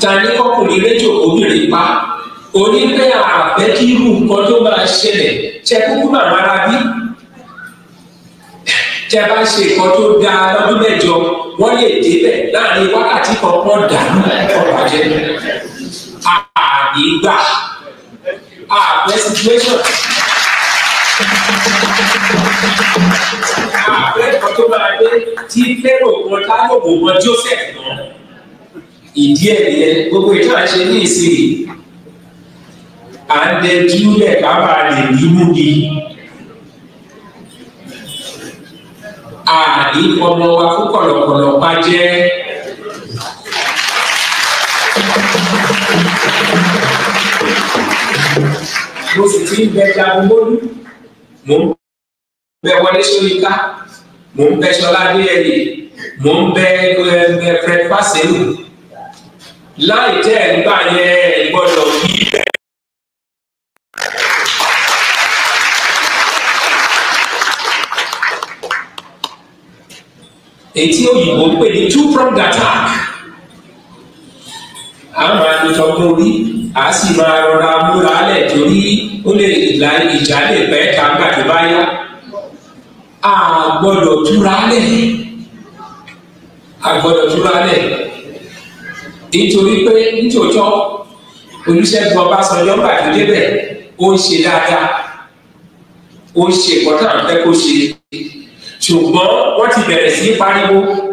ta ní kọkùnrin rédíò obìnrin pa onígbẹ́ àbẹ́kírù nǹkan tó máa ṣẹlẹ̀ ṣe kúkú màmá ara bí tẹ bá ṣe nǹkan tó dáa lọ́dún mẹ́jọ wọ́n lè débẹ̀ láàrin wákàtí kan wọ́n dànù ọ̀rọ̀ àjẹ́ gbà àbẹ́ situation ààrẹ kan tó máa dé tí lérò wọn lálòpọ̀ wọn joseph náà ìdí ẹ̀ nìyẹn gbogbo ìjọ àṣẹ ní ìsìn à ń dẹ júlẹ̀ bàbá rẹ̀ nínú ni àní ọmọ wa kó kọ̀lọ̀kọ̀lọ̀ bá jẹ́. mo sì ti ń bẹ jagun lórí mò ń bẹ Wọlé Ṣóyínká mò ń bẹ Ṣọlá Adéyẹyè mò ń bẹ eh, eh, ẹ Fred Fásẹ̀yìn láì jẹ́ nígbà yẹn ìgbọ́dọ̀ bí èyí tí òyìnbó ń pè ní two pronged attack a máa ní tọgbọ́n orí a sì máa rọra múra lẹ̀ torí ó lè ìlà ìjà lè pẹ́ ká gbà tó bá yá a gbọ́dọ̀ túra lẹ̀ a gbọ́dọ̀ túra lẹ̀ nítorí pé nítòótọ́ Olúṣẹ́gun Ọbásanjọ́ gbà tó débẹ̀ ó ń ṣe dáadáa ó ń ṣe ìkọ́tà àfẹ́ kó ṣe ṣùgbọ́n wọ́n ti bẹ̀rẹ̀ sí í pariwo.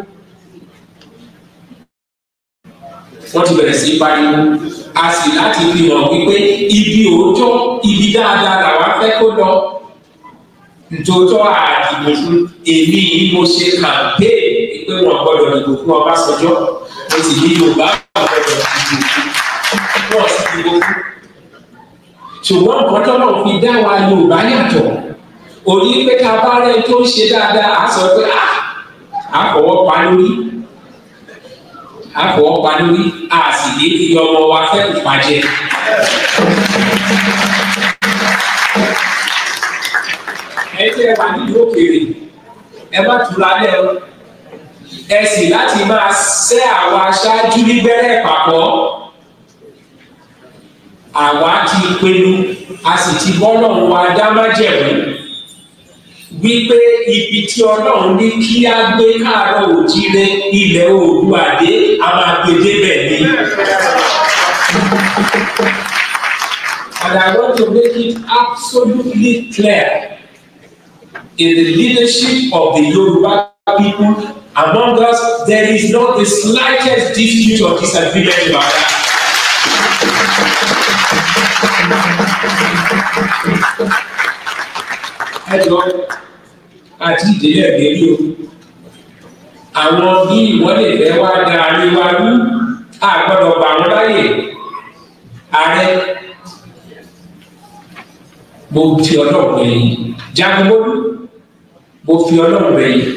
wọ́n ti bẹ̀rẹ̀ sí pariwo a sì láti fi hàn wípé ibi òótọ́ ibi dáadáa làwa fẹ́ kó lọ ntòótọ́ àdìbò fún èmi yìí mo ṣe kàmpéè pé wọn gbọ́dọ̀ dìbò fún Ọbásanjọ́ mo sì ní Yorùbá wọn gbọ́dọ̀ dìbò fún wọn sì dìbò fún. ṣùgbọ́n nǹkan tọ́lọ̀ fi dá wa Yorùbá yàtọ̀ òní pé ká bá rẹ tó ń ṣe dáadáa á sọ pé à ah, fọwọ́ pa lórí àpò ọ̀pá lórí a sì lè fi ọmọ wa fẹ́ ìpàjẹ́. ẹ jẹ́ wà nínú òkèèrè ẹ má tú lálẹ́ o ẹ sì láti máa ṣẹ́ àwọn aṣáájú nígbẹ́rẹ́ papọ̀ àwa ti pinnu a sì ti bọ́ lọ́rùn wa dá májẹ̀mú wípé ibi tí ọlọ́run ní kí á gbé káàárọ̀ òjíire ilẹ̀ oòdùàdé a máa gbé débẹ̀ ni. And I want to make it absolutely clear in the leadership of the Yoruba people among us, there is not the slightest dispute or disagreement about that. Thank you ẹjọ́ àti ìdílé ẹ̀gbẹ́ rí o àwọn bí ìwọ́lẹ̀ fẹ́ wá da àríwá rú àgbọ̀dọ̀ bà wọ́n láyè ààrẹ mo fi ọlọ́run ẹ̀yìn jagunmólú mo fi ọlọ́run ẹ̀yìn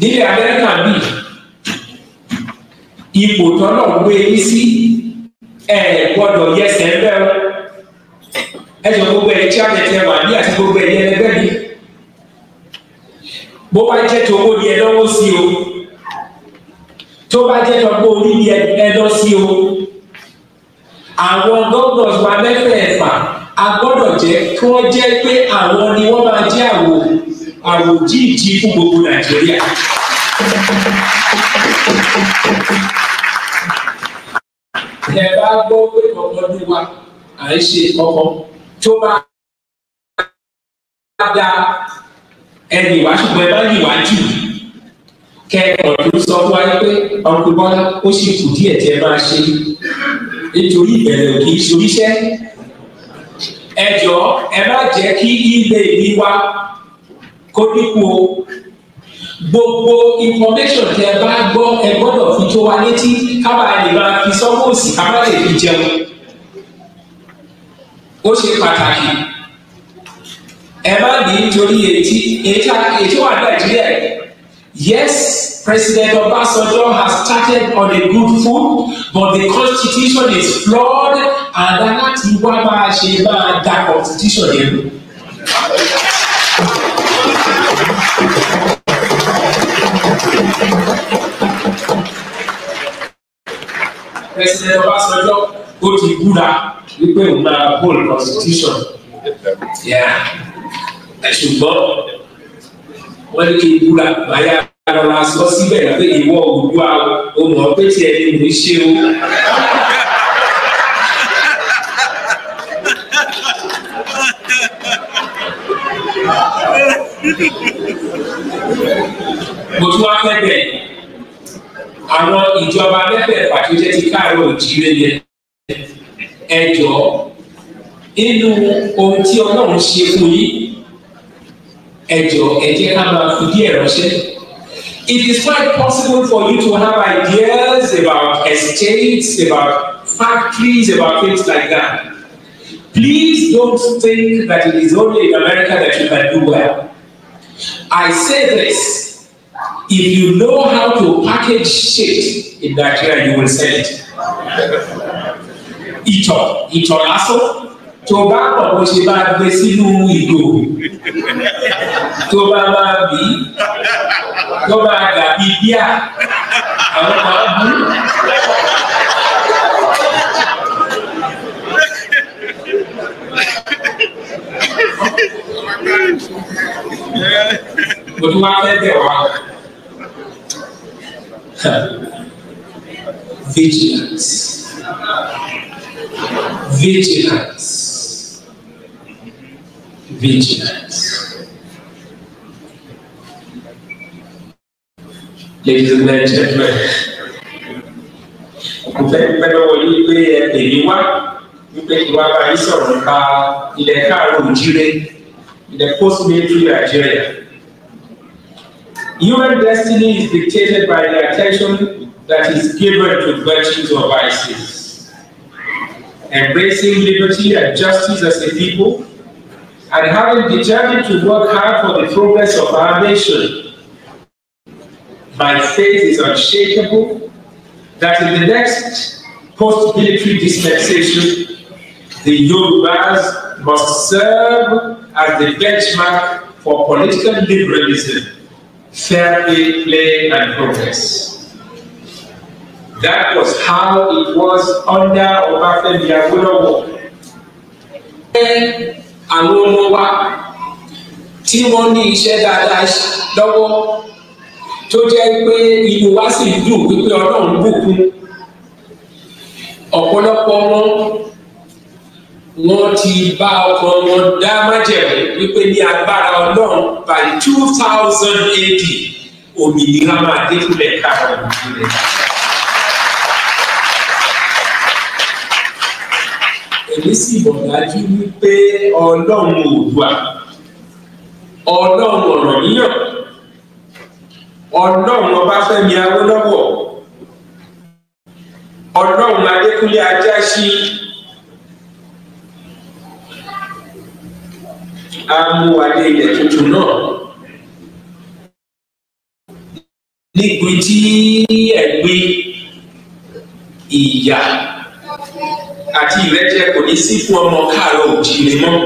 nílẹ̀ amẹ́ríkà bíi ipò tọ́lọ̀ gbé yín sí ẹ̀ gbọ́dọ̀ yẹsẹ̀ ń bẹ̀rù ẹ̀jọ̀ gbogbo ẹ̀ tí a tẹ̀tẹ̀ wà ní àti gbogbo ẹ̀ bó bá jẹ́ tòkó ni ẹ lọ́wọ́ sí o tó bá jẹ́ tòkó ni ẹ lọ́ sí o àwọn governors wa mẹ́fẹ̀ẹ̀fà a gbọ́dọ̀ jẹ́ kí wọ́n jẹ́ pé àwọn ni wọ́n máa jẹ́ àwò àwòjíìjì fún gbogbo Nàìjíríà. ẹ bá gbọ́ pé ọmọdé wa à ń ṣe ọmọ tó bá dá ẹni ìwà ṣùgbọ́n ẹ bá yìí wá jù kẹ́kọ̀ọ́ tó sọ fún wa pé ọkùnrin bọ́lá ó sì kù díẹ̀ tí ẹ bá ṣe nítorí ìbẹ̀rẹ̀ òkè ìṣoríṣẹ́ ẹ jọ ẹ má jẹ́ kí ilé ìlú wa kó dínkù o gbogbo information tẹ bá gbọ́ ẹ gbọ́dọ̀ fi tó wa létí kábàá lè máa fi sọ́wọ́ òsì kábàá lè fi jẹun ó ṣe pàtàkì ẹ má ní nítorí etí etí wà nàìjíríà yes president obasanjo has started on a good foot but the constitution is flawed and láti wá máa ṣe máa da constitution yẹn. president obasanjo ó ti búra wípé òun máa hold constitution. Yeah ṣùgbọ́n wọ́n ní kí n búra báyà rọra sọ síbẹ̀ pé ìwọ Oòduà o mọ̀ pé tiẹ̀ ni mò ń ṣe o. mo tún wá fẹ́ bẹ̀ àwọn ìjọba mẹ́fẹ̀ẹ́ pàtó jẹ́ ti káàárọ̀ òjíire yẹn ẹ jọ̀ọ́ ohun tí Ọlọ́run ṣe fún yín. It is quite possible for you to have ideas about estates, about factories, about things like that. Please don't think that it is only in America that you can do well. I say this, if you know how to package shit in Nigeria, you will sell it. Ito, Ito Lasso, tó bá pọ̀ bó ṣe bá gbé sínú ìgò tó bá máa bí tó bá dàbí bíà àwọn máa bú. mo tún wá fẹ́ wá vigilance vigilance. vigilance. Ladies and gentlemen, mo fẹ́ dúpẹ́ lọ́wọ́ yín pé ẹ pè mí Nigeria. Human destiny is dictated by the attention that is given to virtues or vices. Embracing liberty and justice as a people and having determined to work hard for the progress of our nation, my faith is unshakable that in the next post-military dispensation, the Yorubas must serve as the benchmark for political liberalism, fair play and progress. That was how it was under Obafemi Awolowo. àwọn ọmọ wa tí wọ́n ní iṣẹ́ dáadáa lọ́wọ́ tó jẹ́ pé inú wa sì dùn wípé ọlọ́run bùkún ọ̀pọ̀lọpọ̀ wọn wọ́n ti bá ọkọ̀ wọn dá májẹ̀mú wípé ní agbára ọlọ́run by two thousand eighty òmìnira máa dé fúnlẹ̀ káàkiri. mùsùlùmí sì mọ̀ dájú wípé ọlọ́run òdua ọlọ́run ọ̀rọ̀ yíyàn ọlọ́run ọbáfẹ́mi awólọ́wọ̀ ọlọ́run adékúnlé ajáṣí amúwadé ilẹ̀ tuntun náà nígbì tí ẹ̀gbin àti ìrẹ́jẹ kò ní sí fún ọmọ káàárọ̀ òjìire mọ́.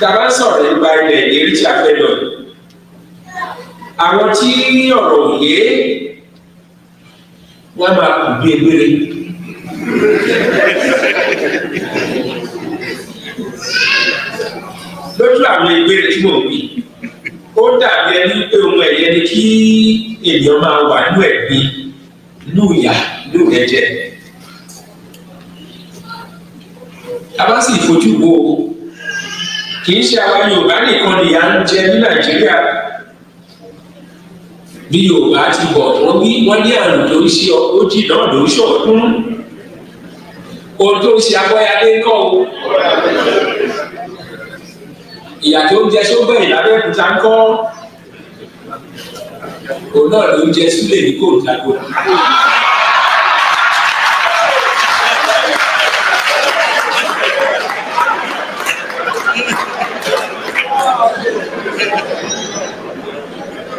tàbá sọ̀rọ̀ nípa ilẹ̀ ìlérí tí a fẹ́ lọ àwọn tí ọ̀rọ̀ òye wọ́n máa kù bí egbére. lójú àwọn egbére tí mò ń wí ó dàbí ẹni pé ohun ẹ̀yẹ ni kí ènìyàn máa wà nínú ẹ̀gbin nínú ìyà yóò ní ẹ̀jẹ̀ abá sì fojú wo kì í ṣe àwa Yorùbá nìkan nìyà ń jẹ ní Nàìjíríà bí Yorùbá ti bọ̀ wọ́n wí wọ́n ní àrùn tó ń ṣe ogójì náà ló ń ṣọ̀kún ohun tó ń ṣe agbáyadé náà o ìyà tó ń jẹ sóbẹ̀yìn lábẹ́òkúta ń kọ́ òun náà ló ń jẹ sílẹ̀ ní kòńtàgò.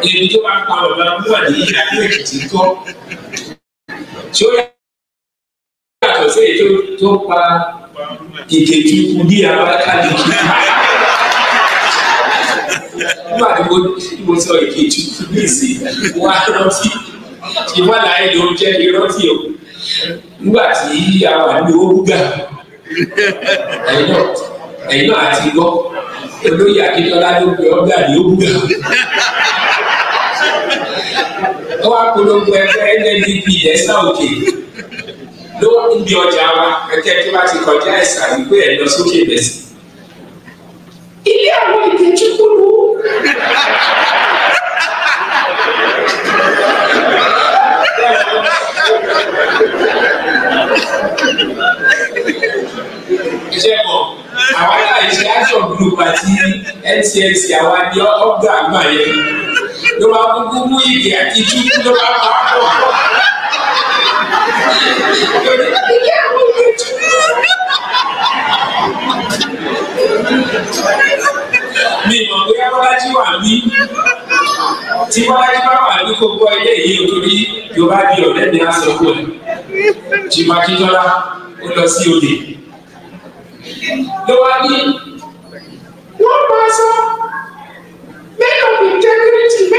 ẹni tó bá pa ọ̀la wúwà ní adé èkìtì kọ́ tí ó yàtọ̀ sí èyí tó pa ìkejì bí abákàlì kì í. nígbà tí mo sọ ìkejì ní ìsìn wá rántí ìwádà ẹ̀ ló jẹ́ ìrántí o nígbà tí a wà ní orúgà ẹ̀yìn náà náà àti gbọ́ olóyè akíndọ́lá ló pe ọ́gà ní orúgà ó wá polongo ẹgbẹ́ NNDP ẹ̀sà òkè ló ń bí ọjà wa ẹ̀kẹ́ tó bá ti kọjá ẹ̀sà wípé ẹ̀ lọ sókè bẹ̀sì. ilé àwọn ìdíjú kúrú. iṣẹ́ mọ̀ àwọn aláìṣẹ́ aṣọ group àti NTNT àwọn adé ọgbà àgbà yẹn ló bá kúkú mú ìgè àti túkú ló bá pa á pọ̀. mi ò gbé abọ́lájí wà mí tí bọ́lájí bá wà ní gbogbo ilé yìí nítorí yorùbá bí ọ̀rẹ́ mi á sọ fún ẹ jìmọ̀ akíntọ́lá ó lọ sí òde ló wá ní wọ́n máa sọ mẹ́rin òbí jẹ́ kí.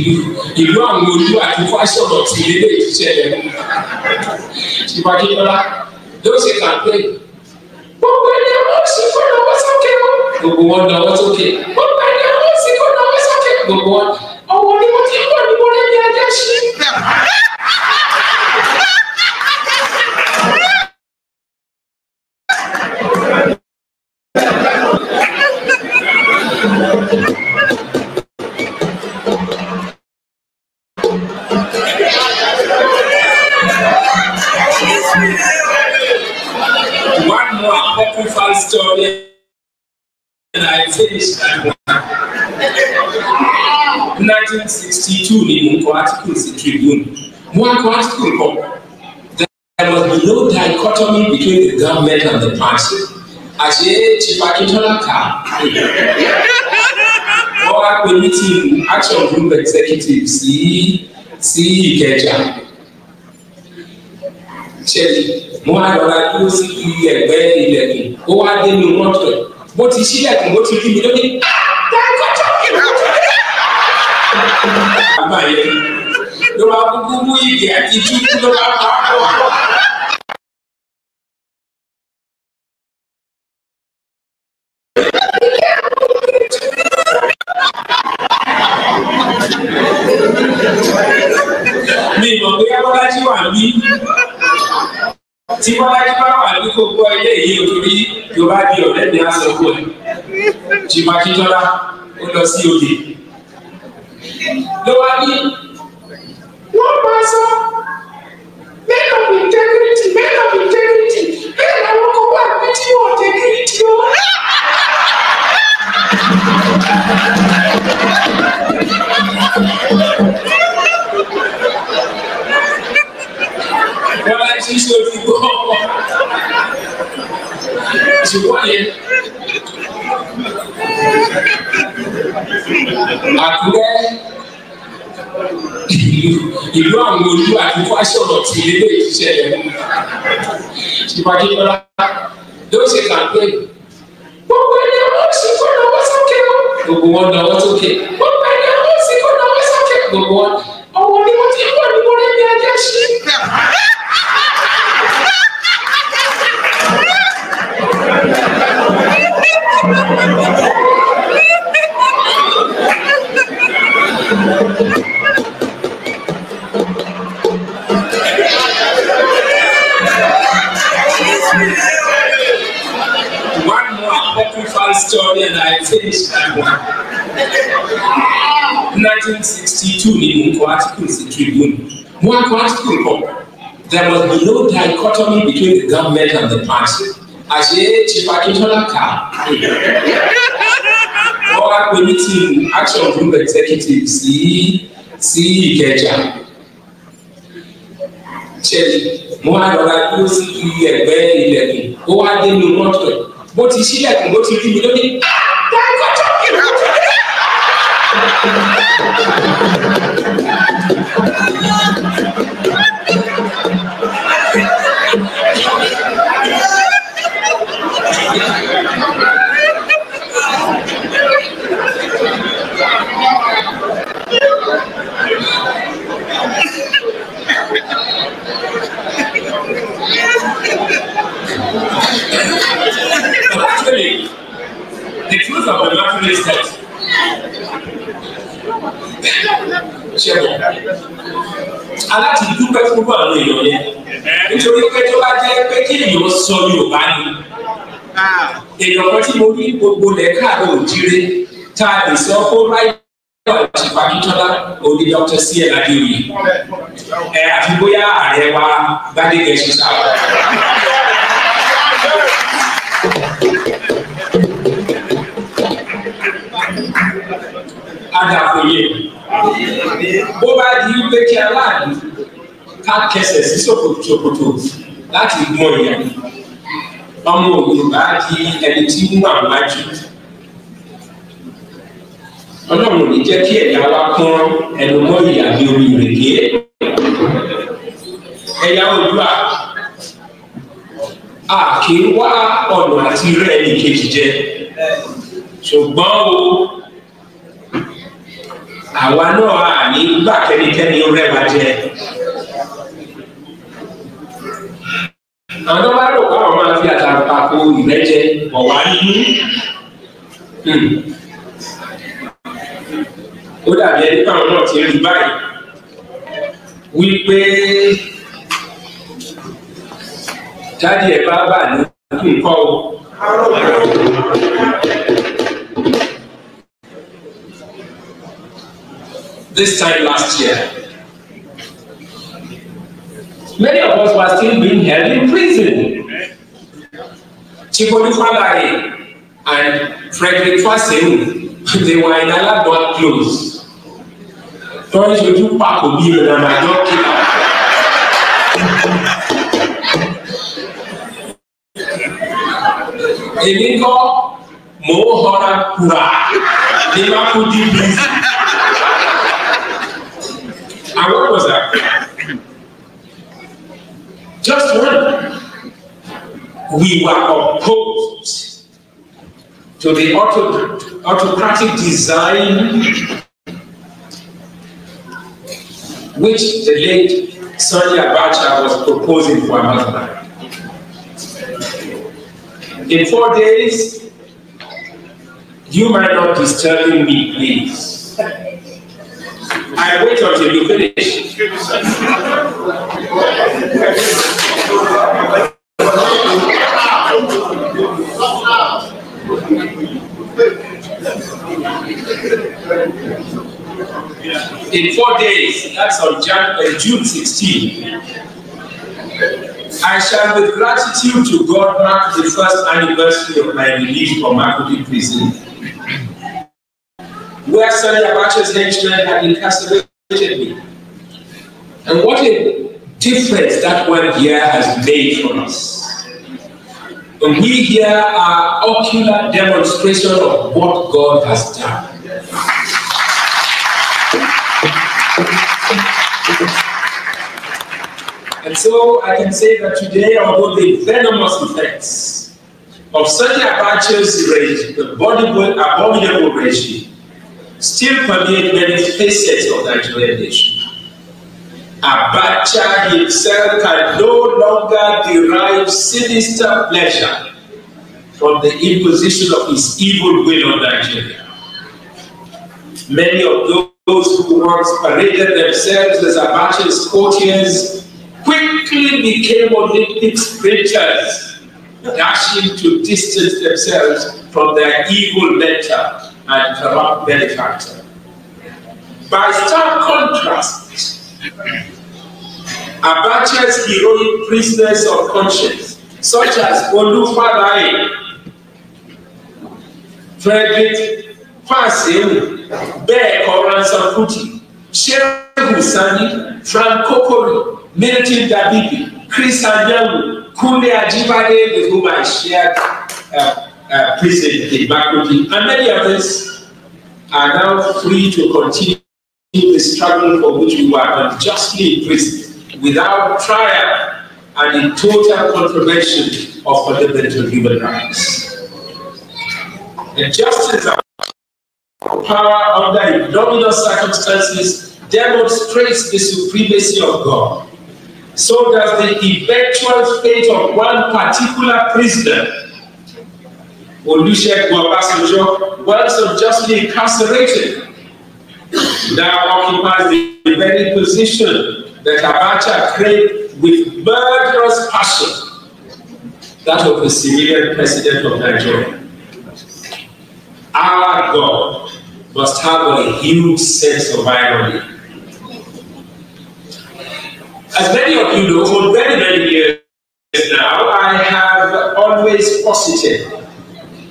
ìlú ìlú àwọn olú àti fásọ̀rọ̀ ti ilé ìṣẹ̀lẹ̀ ìbájúbọ́lá ló ṣe kàńpé gbogbo ẹni ọwọ́ sí kó lọ́wọ́ sókè gbogbo wọn lọ́wọ́ sókè gbogbo ẹni ọwọ́ sí kó lọ́wọ́ sókè gbogbo wọn ọwọ́ ni mo ti ń bọ̀ ní mo lè ní 1962 ni mo kọ article sí Tribune. Mo kọ article kọ. There was no dichotomy between the government and the party. Àṣé Chief Akintola kà. Wọ́n wá pè meeting action group executive sí sí Ìkẹjà. Ṣé mo wá lọ́ra dúró sí ẹgbẹ́ ilẹ̀kùn? Ó wá dé inú mọ́tò ẹ̀ mo ti sílẹ̀kùn mo ti rí mi lónìí dáńgọ́tọ̀ ìrọ̀jọ́ bàbá yẹn ló bá kúkú mú ìgbé àti tútù ló bá pa á lọ. mi mọ̀ pé bá wà ní gbogbo ilé yìí tí o bá di ọ̀rẹ́ ní asọ̀kù ẹ̀ jìmọ̀ akíntọ́lá ó lọ sí oyè ló wá ní wọ́n máa sọ men of integrity men of integrity bẹ́ẹ̀ làwọn kò wá ní tí yóò jẹ́ kí ní tí yóò wá. Bọ́lá ṣíṣe òfin gbọ́ ọ̀pọ̀ ti wáyé. Àkúrẹ́ ìlú àwọn olú àti fásọ̀rọ̀ ti ilé ìṣẹ̀lẹ̀ ìpàdé lọ́la yóò ṣe kàńpé. Gbogbo ẹni ọwọ́ sí kó lọ́wọ́ sókè o. Gbogbo wọn lọ́wọ́ sókè. Gbogbo ẹni ọwọ́ sí kó lọ́wọ́ sókè. Gbogbo wọn ọwọ́ ni wọ́n ti ń ní wọlé ní ajá sí. One more apocryphal story and I finish that one. 1962 the ni mko article in Tribune. Mwako article there was no dichotomy between the government and the party. a gente faz aqui de cá. Wọ́n wá pè ní team action group executive sí sí Ìkẹjà. Ṣẹ́ni, mo wá lọ́ra dúró sí ẹgbẹ́ ilẹ̀kùn, ó wá dé inú mọ́tò ẹ̀. Mo ti ṣílẹ̀kùn, mo ti rí mi lónìí. Dáńgọ́tọ̀ these are the last mistakes. aláti dúpẹ́ fún gbogbo àwọn èèyàn yẹn nítorí pé tó bá jẹ́ pé kí èèyàn sọ Yorùbá ni èèyàn kan tí mo ní gbogbo lẹ́ka àrò òjire tá a lè sọ fún láì àti Akíntọ́lá òní Dr. cl adéoyè ẹ àti bóyá ààrẹ wa Gbádégẹ ṣiṣẹ́ àwọn. adàkòyè bó bá di pé kí aláàbí ká kẹsẹ̀ sí ṣòkòtò láti gbọ́n ìyá ọmọ Yorùbá di ẹni tí mú àwọn àjò Ọlọ́run ní jẹ́ kí ẹ̀yà wa kún ẹnu mọ́ ìyá bí omi ìrèké ẹ̀yà Oòduà a kì í wá ọ̀nà àti rẹ̀ ní kejì jẹ ṣùgbọ́n o. àwa náà ní gbà kẹ́nikẹ́ni rẹ̀ wá jẹ. àwọn bá rò káwọn máa fi àtàkùn ìrẹ́jẹ ọ̀wá nínú. Hmm. ó dàbí ẹni káwọn náà ti rí báyìí wípé jáde ẹ̀ bá bà ní nǹkan o. this time last year. Many of us were still being held in prison. Chibodi Falaye and Frederick Fasen, they were in Aladot close. Tọ́lá ìṣojú pàkó bí ìrìnàmà jọ kí n. Èmi kọ́ mò kura ní Makurdi prison. Now, where was Just when we were opposed to the autocratic design which the late Sonia Abacha was proposing for Amazon. In four days, you might not be telling me, please. I wait until you finish. In four days, that's on Jan uh, June 16, I shall with gratitude to God mark the first anniversary of my release from Makudi prison where Sergeant Abacha's henchmen had incarcerated me. And what a difference that one year has made for us. And we here are ocular demonstration of what God has done. And so I can say that today, although the venomous effects of such a Abacha's regime, the abominable regime, still permeate many faces of Nigerian nation. Abacha himself can no longer derive sinister pleasure from the imposition of his evil will on Nigeria. Many of those who once paraded themselves as Abacha's courtiers quickly became Olympic preachers, dashing to distance themselves from their evil mentor and corrupt benefactor. By stark contrast, Abacha's heroic prisoners of conscience, such as Olufadaye, Frederick Fasim, Bear Oransan Kuti, Shehu Sani, Frank Kokori, Milton Dabibi, Chris Anyanwu, Kunle Ajibade, with whom I shared. Uh, uh, presently backwardly, and many others are now free to continue the struggle for which we were unjustly imprisoned without trial and in total contravention of fundamental human rights. And justice and power under ignominious circumstances demonstrates the supremacy of God. So does the eventual fate of one particular prisoner Olusegun Obasanjo were unjustly incarcerated that occupies the very position that Abacha craved with murderous passion, that of the civilian president of Nigeria. Our God must have a huge sense of irony. As many of you know, for very many years now, I have always posited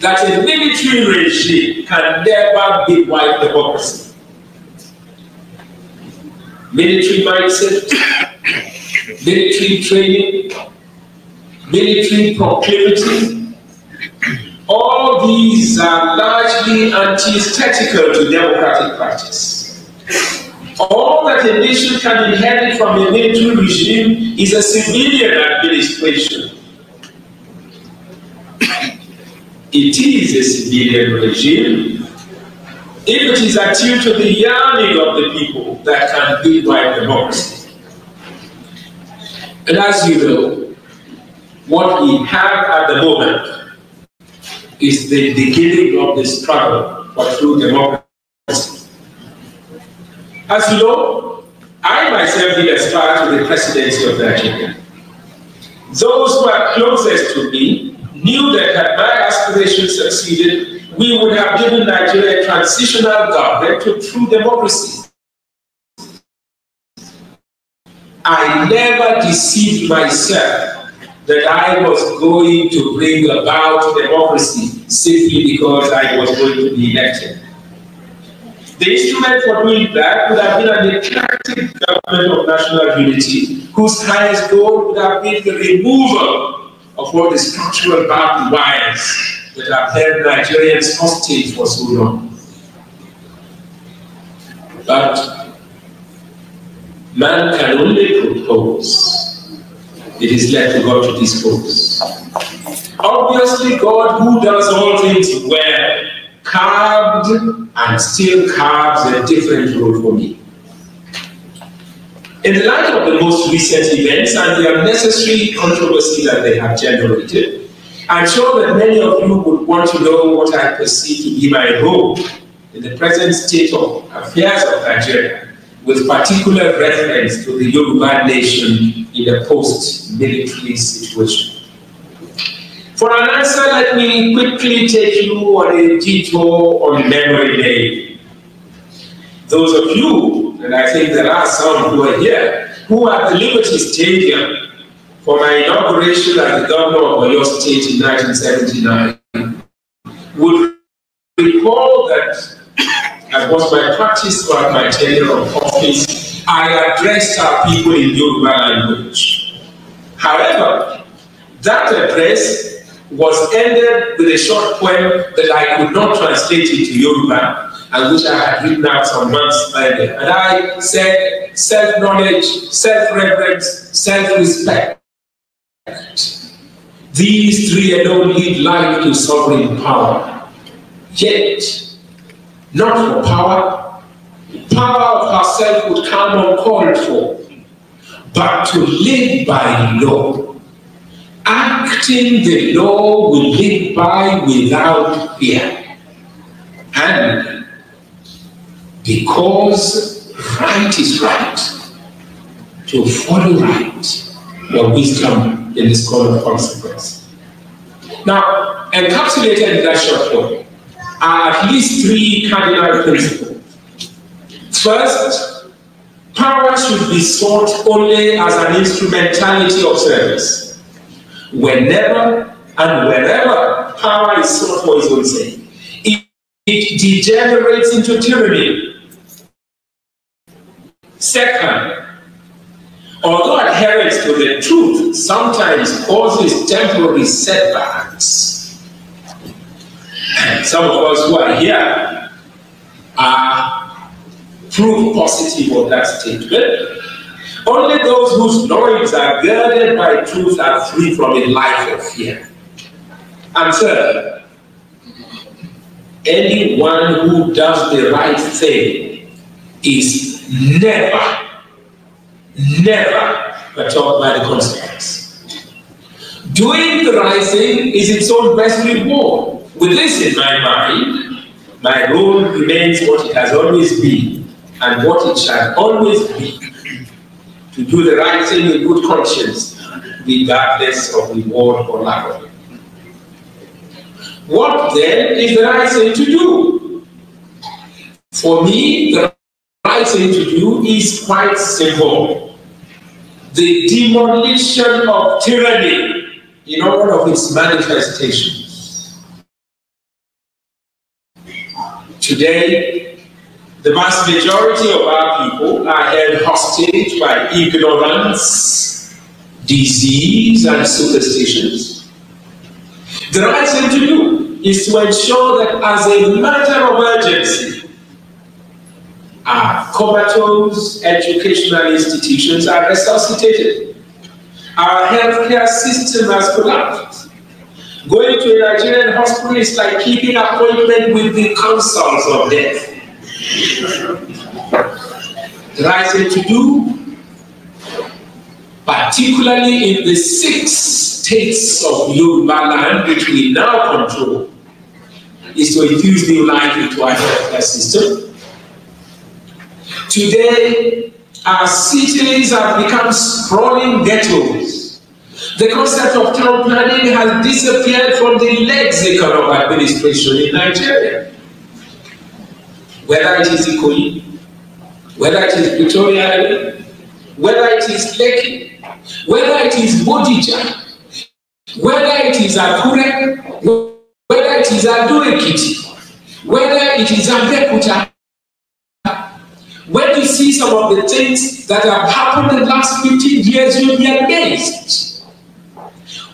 that a military regime can never be white democracy. Military mindset, military training, military proclivity, all these are largely antithetical to democratic practice. All that a nation can inherit from a military regime is a civilian administration It is a civilian regime. If it is attuned to the yearning of the people that can do by democracy. And as you know, what we have at the moment is the beginning of the struggle for true democracy. As you know, I myself did aspire to the presidency of Nigeria. Those who are closest to me knew that had my aspiration succeeded, we would have given Nigeria a transitional government to true democracy. I never deceived myself that I was going to bring about democracy simply because I was going to be elected. The instrument for doing that would have been an attractive government of national unity whose highest goal would have been the removal of all the structural barbed wires that have held Nigerians hostage for so long. But man can only propose. It is left to God to dispose. Obviously, God, who does all things well, carved and still carves a different road for me. In the light of the most recent events and the unnecessary controversy that they have generated, I'm sure that many of you would want to know what I perceive to be my role in the present state of affairs of Nigeria, with particular reference to the Yoruba nation in a post-military situation. For an answer, let me quickly take you on a detour on Memory Day, those of you, and I think there are some who are here, who are at the Liberty Stadium for my inauguration as the governor of Oyo State in 1979 would recall that, as was my practice throughout my tenure of office, I addressed our people in Yoruba language. However, that address was ended with a short poem that I could not translate into Yoruba I wish I had written out some months earlier. And I said self knowledge, self reverence, self respect. These three alone lead life to sovereign power. Yet, not for power. Power of herself would come uncalled for, but to live by law. Acting the law we live by without fear. And because right is right, to follow right, your wisdom in this call of consequence. Now, encapsulated in that short form are at least three cardinal principles. First, power should be sought only as an instrumentality of service. Whenever and wherever power is sought for its own sake, it, it degenerates into tyranny Second, although adherence to the truth sometimes causes temporary setbacks, some of us who are here are proof positive of that statement. Only those whose loins are girded by truth are free from a life of fear. And third, anyone who does the right thing is never, never were taught by the consequence. Doing the right thing is its own best reward. With this in my mind, my role remains what it has always been and what it shall always be to do the right thing with good conscience, regardless of reward or lack of it. What then is the right thing to do? For me, the going to do is quite simple. The demolition of tyranny in all of its manifestations. Today, the vast majority of our people are held hostage by ignorance, disease, and superstitions. The right thing to do is to ensure that as a matter of urgency, our comatose educational institutions are resuscitated. Our healthcare system has collapsed. Going to a Nigerian hospital is like keeping appointment with the councils of death. Rising to do, particularly in the six states of Yoruba land which we now control, is to infuse new life into our healthcare system Today, our cities have become sprawling ghettos. The concept of town planning has disappeared from the lexicon of administration in Nigeria. Whether it is Ikoyi, whether it is Pretoria, whether it is Lekki, whether it is Bodija, whether it is Akure, whether it is Adurikiti, whether it is Abeokuta, when you see some of the things that have happened in the last 15 years, you'll be amazed.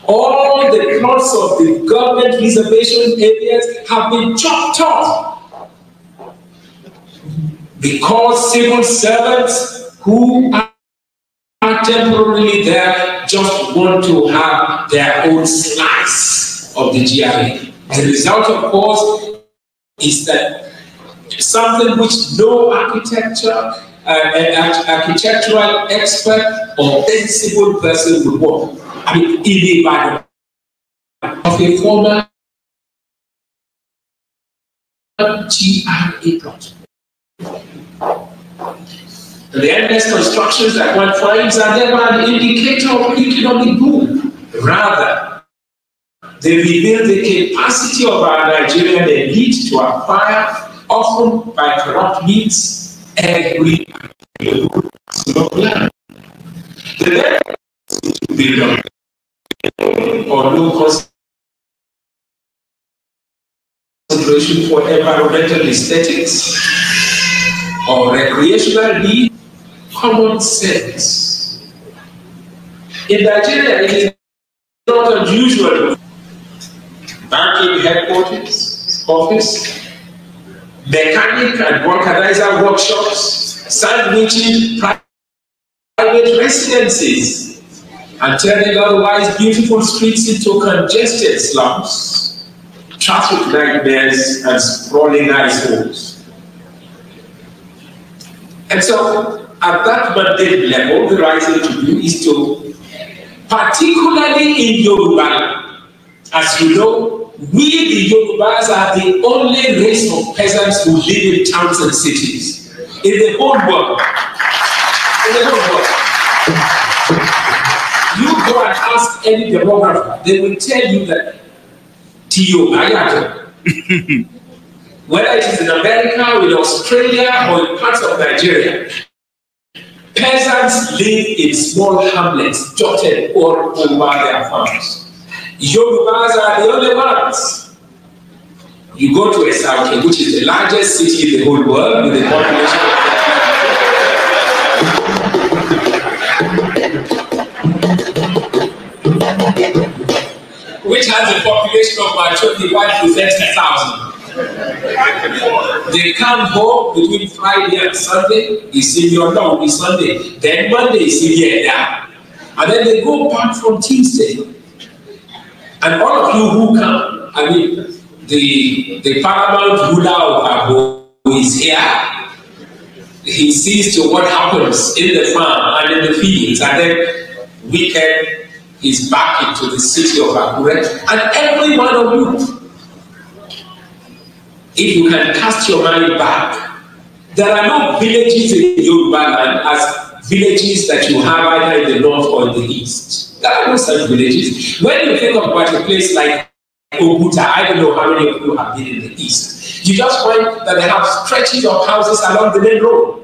All the plots of the government reservation areas have been chopped off because civil servants who are temporarily there just want to have their own slice of the GRA. The result, of course, is that something which no architecture uh, an architectural expert or sensible person would want. I mean, in the environment of a former GRA project. The endless constructions that one finds are never an indicator of economic boom. Rather, they reveal the capacity of our Nigerian elite to acquire often by corrupt means every available of to or low cost consideration for environmental aesthetics or recreational need, common sense. In Nigeria, it is not unusual banking headquarters, office, mechanic and vulcanizer workshops, sandwiching, private residences, and turning otherwise beautiful streets into congested slums, traffic nightmares, and sprawling iceholes. And so, at that mandate level, the rising to do is to, particularly in Yoruba, as you know, we the Yorubas are the only race of peasants who live in towns and cities in the whole world. In the whole world. You go and ask any demographer, they will tell you that Tio Ayato, whether it is in America, in Australia, or in parts of Nigeria, peasants live in small hamlets dotted all over their farms. Your Yorubas are the only ones. You go to Esaki, which is the largest city in the whole world with a population which has a population of about 25 to 30,000. They come home between Friday and Sunday, they see your dog on Sunday, then Monday, they see here and And then they go back from Tuesday. And all of you who come, I mean, the, the paramount ruler of Abu is here. He sees to what happens in the farm and in the fields, and then weekend is back into the city of Akure. And every one of you, if you can cast your mind back, there are no villages in Yoruba land as villages that you have either in the north or in the east. There are no such villages. When you think about a place like Oguta, I don't know how many of you have been in the east. You just find that they have stretches of houses along the main road.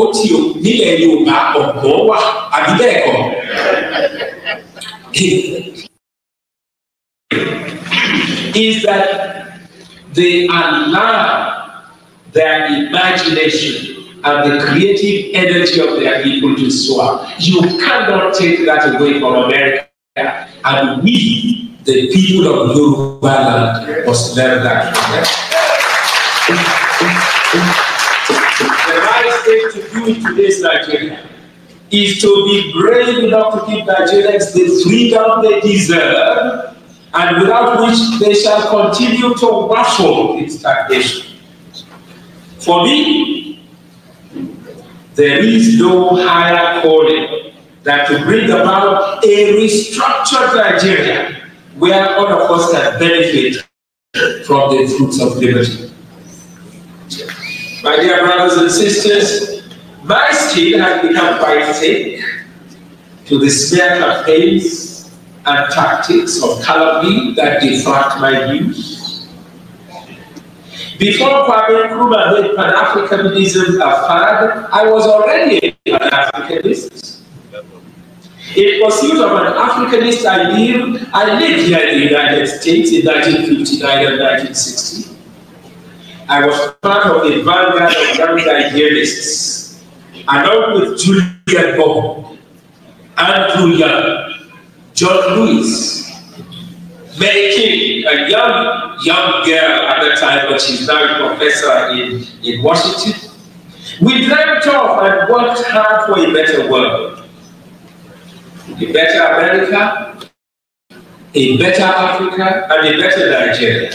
Ó ti o nílẹ̀ Yorùbá ọ̀gbọ́n Is that they allow their imagination the creative energy of their people to soar. You cannot take that away from America. And we, the people of Yoruba land, must learn that from the right thing to do in today's Nigeria is to be brave enough to give Nigerians the freedom they deserve and without which they shall continue to waffle in stagnation. For me, there is no higher calling than to bring about a restructured Nigeria where all of us can benefit from the fruits of liberty. My dear brothers and sisters, my skin has become quite thick to the smear campaigns and tactics of calumny that defract my views. Before Kwame Nkrumah made Pan Africanism a fad, I was already a Pan Africanist. In pursuit of an Africanist ideal, I lived here in the United States in 1959 and 1960. I was part of the vanguard of young idealists, along with Julian Bob, Andrew Young, John Lewis, Mary King, a young young girl at that time, but she's now a professor in, in Washington. We dreamt of and worked hard for a better world. A better America, a better Africa, and a better Nigeria.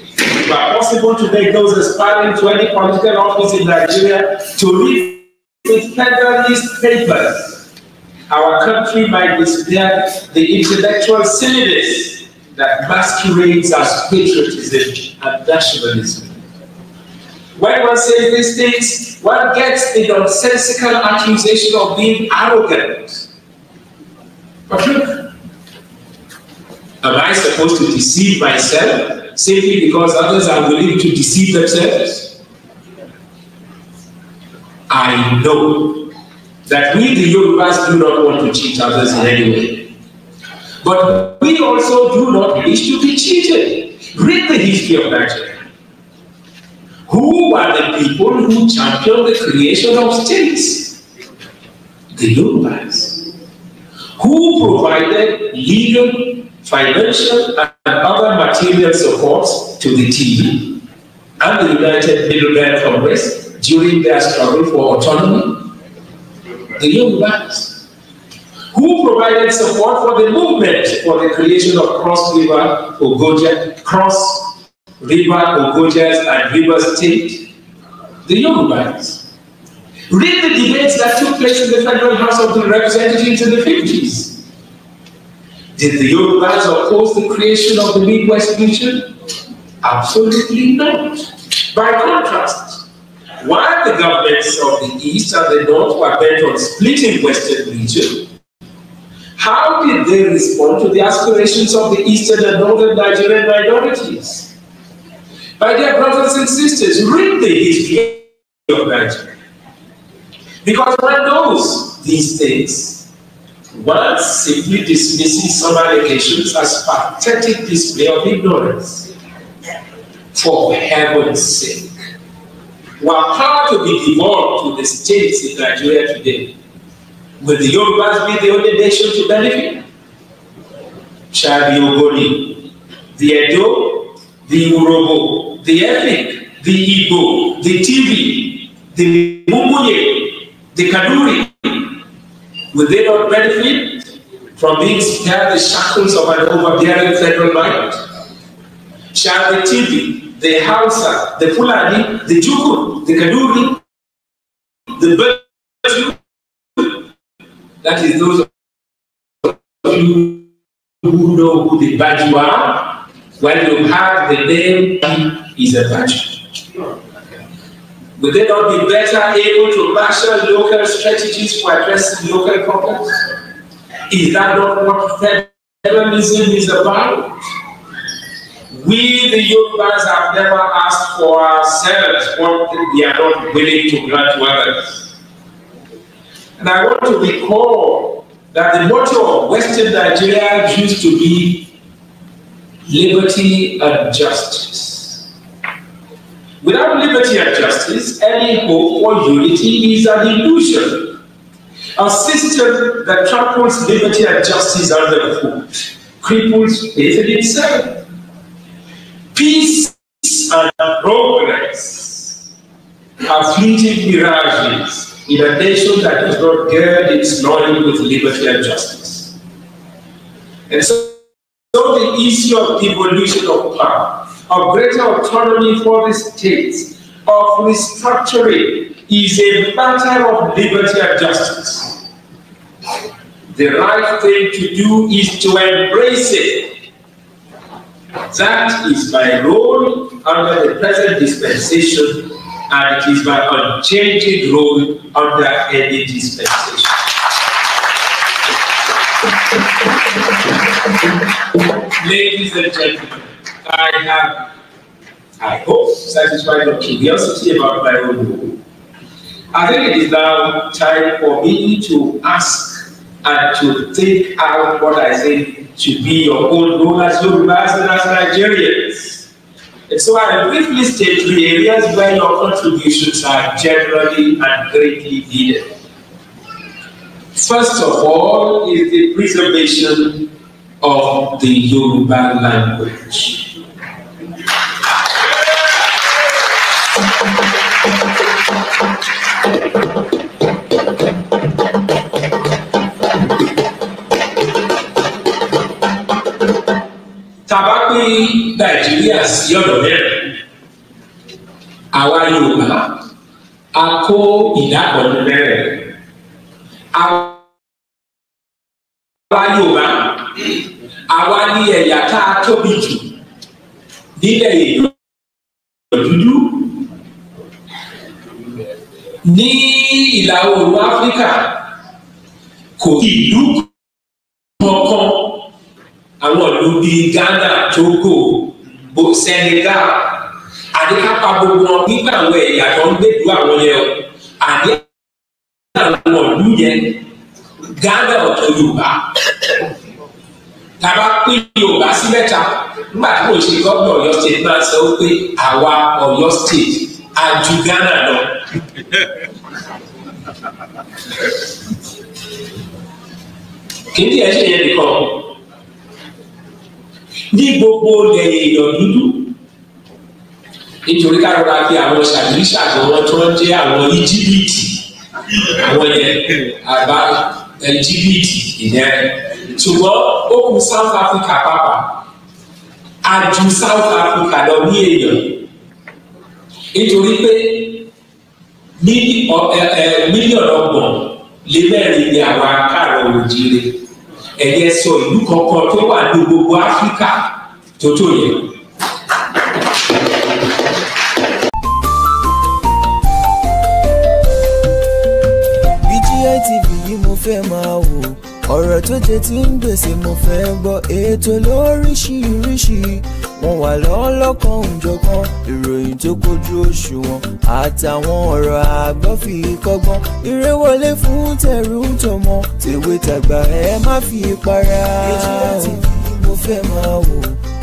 It was possible to make those aspiring to any political office in Nigeria to live with federalist papers. Our country might display the intellectual silliness that masquerades as patriotism and nationalism. When one says these things, one gets the nonsensical accusation of being arrogant. But look, am I supposed to deceive myself simply because others are willing to deceive themselves? I know that we, the Yorubas, do not want to cheat others in any way. But we also do not wish to be cheated. Read the history of Nigeria. Who were the people who championed the creation of states? The Yorubas. Who provided legal, financial, and other material support to the TV and the United Middleman Congress during their struggle for autonomy? The Yorubas who provided support for the movement for the creation of Cross River Ogoja, Cross River Ogojas and River State, the Yorubas. Read the debates that took place in the Federal House of the Representatives in the 50s. Did the Yorubas oppose the creation of the Midwest region? Absolutely not. By contrast, while the governments of the East and the North were bent on splitting Western regions, how did they respond to the aspirations of the eastern and northern Nigerian minorities? My dear brothers and sisters, read the history of Nigeria. Because one knows these things. One simply dismisses some allegations as pathetic display of ignorance. For heaven's sake. We are proud to be devolved to the states in Nigeria today Will the Yorubas be the only nation to benefit? Shall the Edo, the Urobo, the ethnic, the Igbo, the TV, the Mumbuye, the Kaduri, will they not benefit from being spared the shackles of an overbearing federal might? Shall the TV, the Hausa, the Fulani, the Jukun, the Kaduri, the Bertu, that is those of you who know who the badge you are, when you have the name is a badge. Would they not be better able to master local strategies for addressing local problems? Is that not what federalism is about? We, the Yorubas, have never asked for ourselves what we are not willing to grant to others. And I want to recall that the motto of Western Nigeria used to be liberty and justice. Without liberty and justice, any hope for unity is an illusion. A system that tramples liberty and justice under the foot cripples it itself. Peace and progress are fleeting mirages in a nation that does not gird its loins with liberty and justice. And so, so the issue of evolution of power, of greater autonomy for the states, of restructuring is a matter of liberty and justice. The right thing to do is to embrace it. That is my role under the present dispensation and it is my unchanging role under any dispensation. Ladies and gentlemen, I have, I hope, satisfied your curiosity about my own role. I think it is now time for me to ask and to take out what I think should be your own role as Yorubas and as Nigerians. And so I briefly state the areas where your contributions are generally and greatly needed. First of all is the preservation of the Yoruba language. Tabakwi nàìjíríà sí ọ̀nà mẹ́rin àwa yorùbá a kó ìdá ọ̀nà mẹ́rin àwa yorùbá àwa ní ẹ̀yà tá a tóbi jù nílẹ̀ èdè dúdú ní ìlà oòrùn áfíríkà kò kí ìlú kankan àwọn ìlú bíi ghana togo kò sẹ́ni rà àní gbogbo wọn nígbà àwọn ẹ̀yà tó ń gbèdú àwọn yẹn o àní àwọn ọ̀dú yẹn Ghana ọ̀tọ̀ Yorùbá tàbá Yorùbá sí mẹ́ta nígbà ṣe Ọ̀yọ́ state máa sọ pé àwa Ọ̀yọ́ state ní gbogbo èèyàn dúdú nítorí kárọ̀lá fi àwọn ṣàdúrísàgbọ̀n wọn tó ń jẹ́ àwọn íjíbítì àwọn yẹn àbá íjíbítì ìyẹn ṣùgbọ́n ó kù South Africa pàpà a ju South Africa lọ ní èèyàn nítorí pé mílíọ̀nù ọgbọ̀n lé mẹ́rin ni àwa kárọ̀ òjìire ẹ̀yẹ sọ ìlú kankan tó wà ní gbogbo áfíríkà tó tó yẹ. BGI yìí mo fẹ́ máa wò ọ̀rọ̀ tó jẹ ti ń gbèsè mo fẹ́ gbọ́ ètò lóríṣiríṣi wọ́n wà lọ́wọ́ lọ́kàn òjọ̀kan ìròyìn tó kojú òṣùwọ̀n àtàwọn ọ̀rọ̀ àgbọ́ fi kọ́gbọ́n eré wọlé fún tẹ̀rù tọmọ tèwe tàgbà ẹ má fi para ètò láti fi fẹ́ máa wò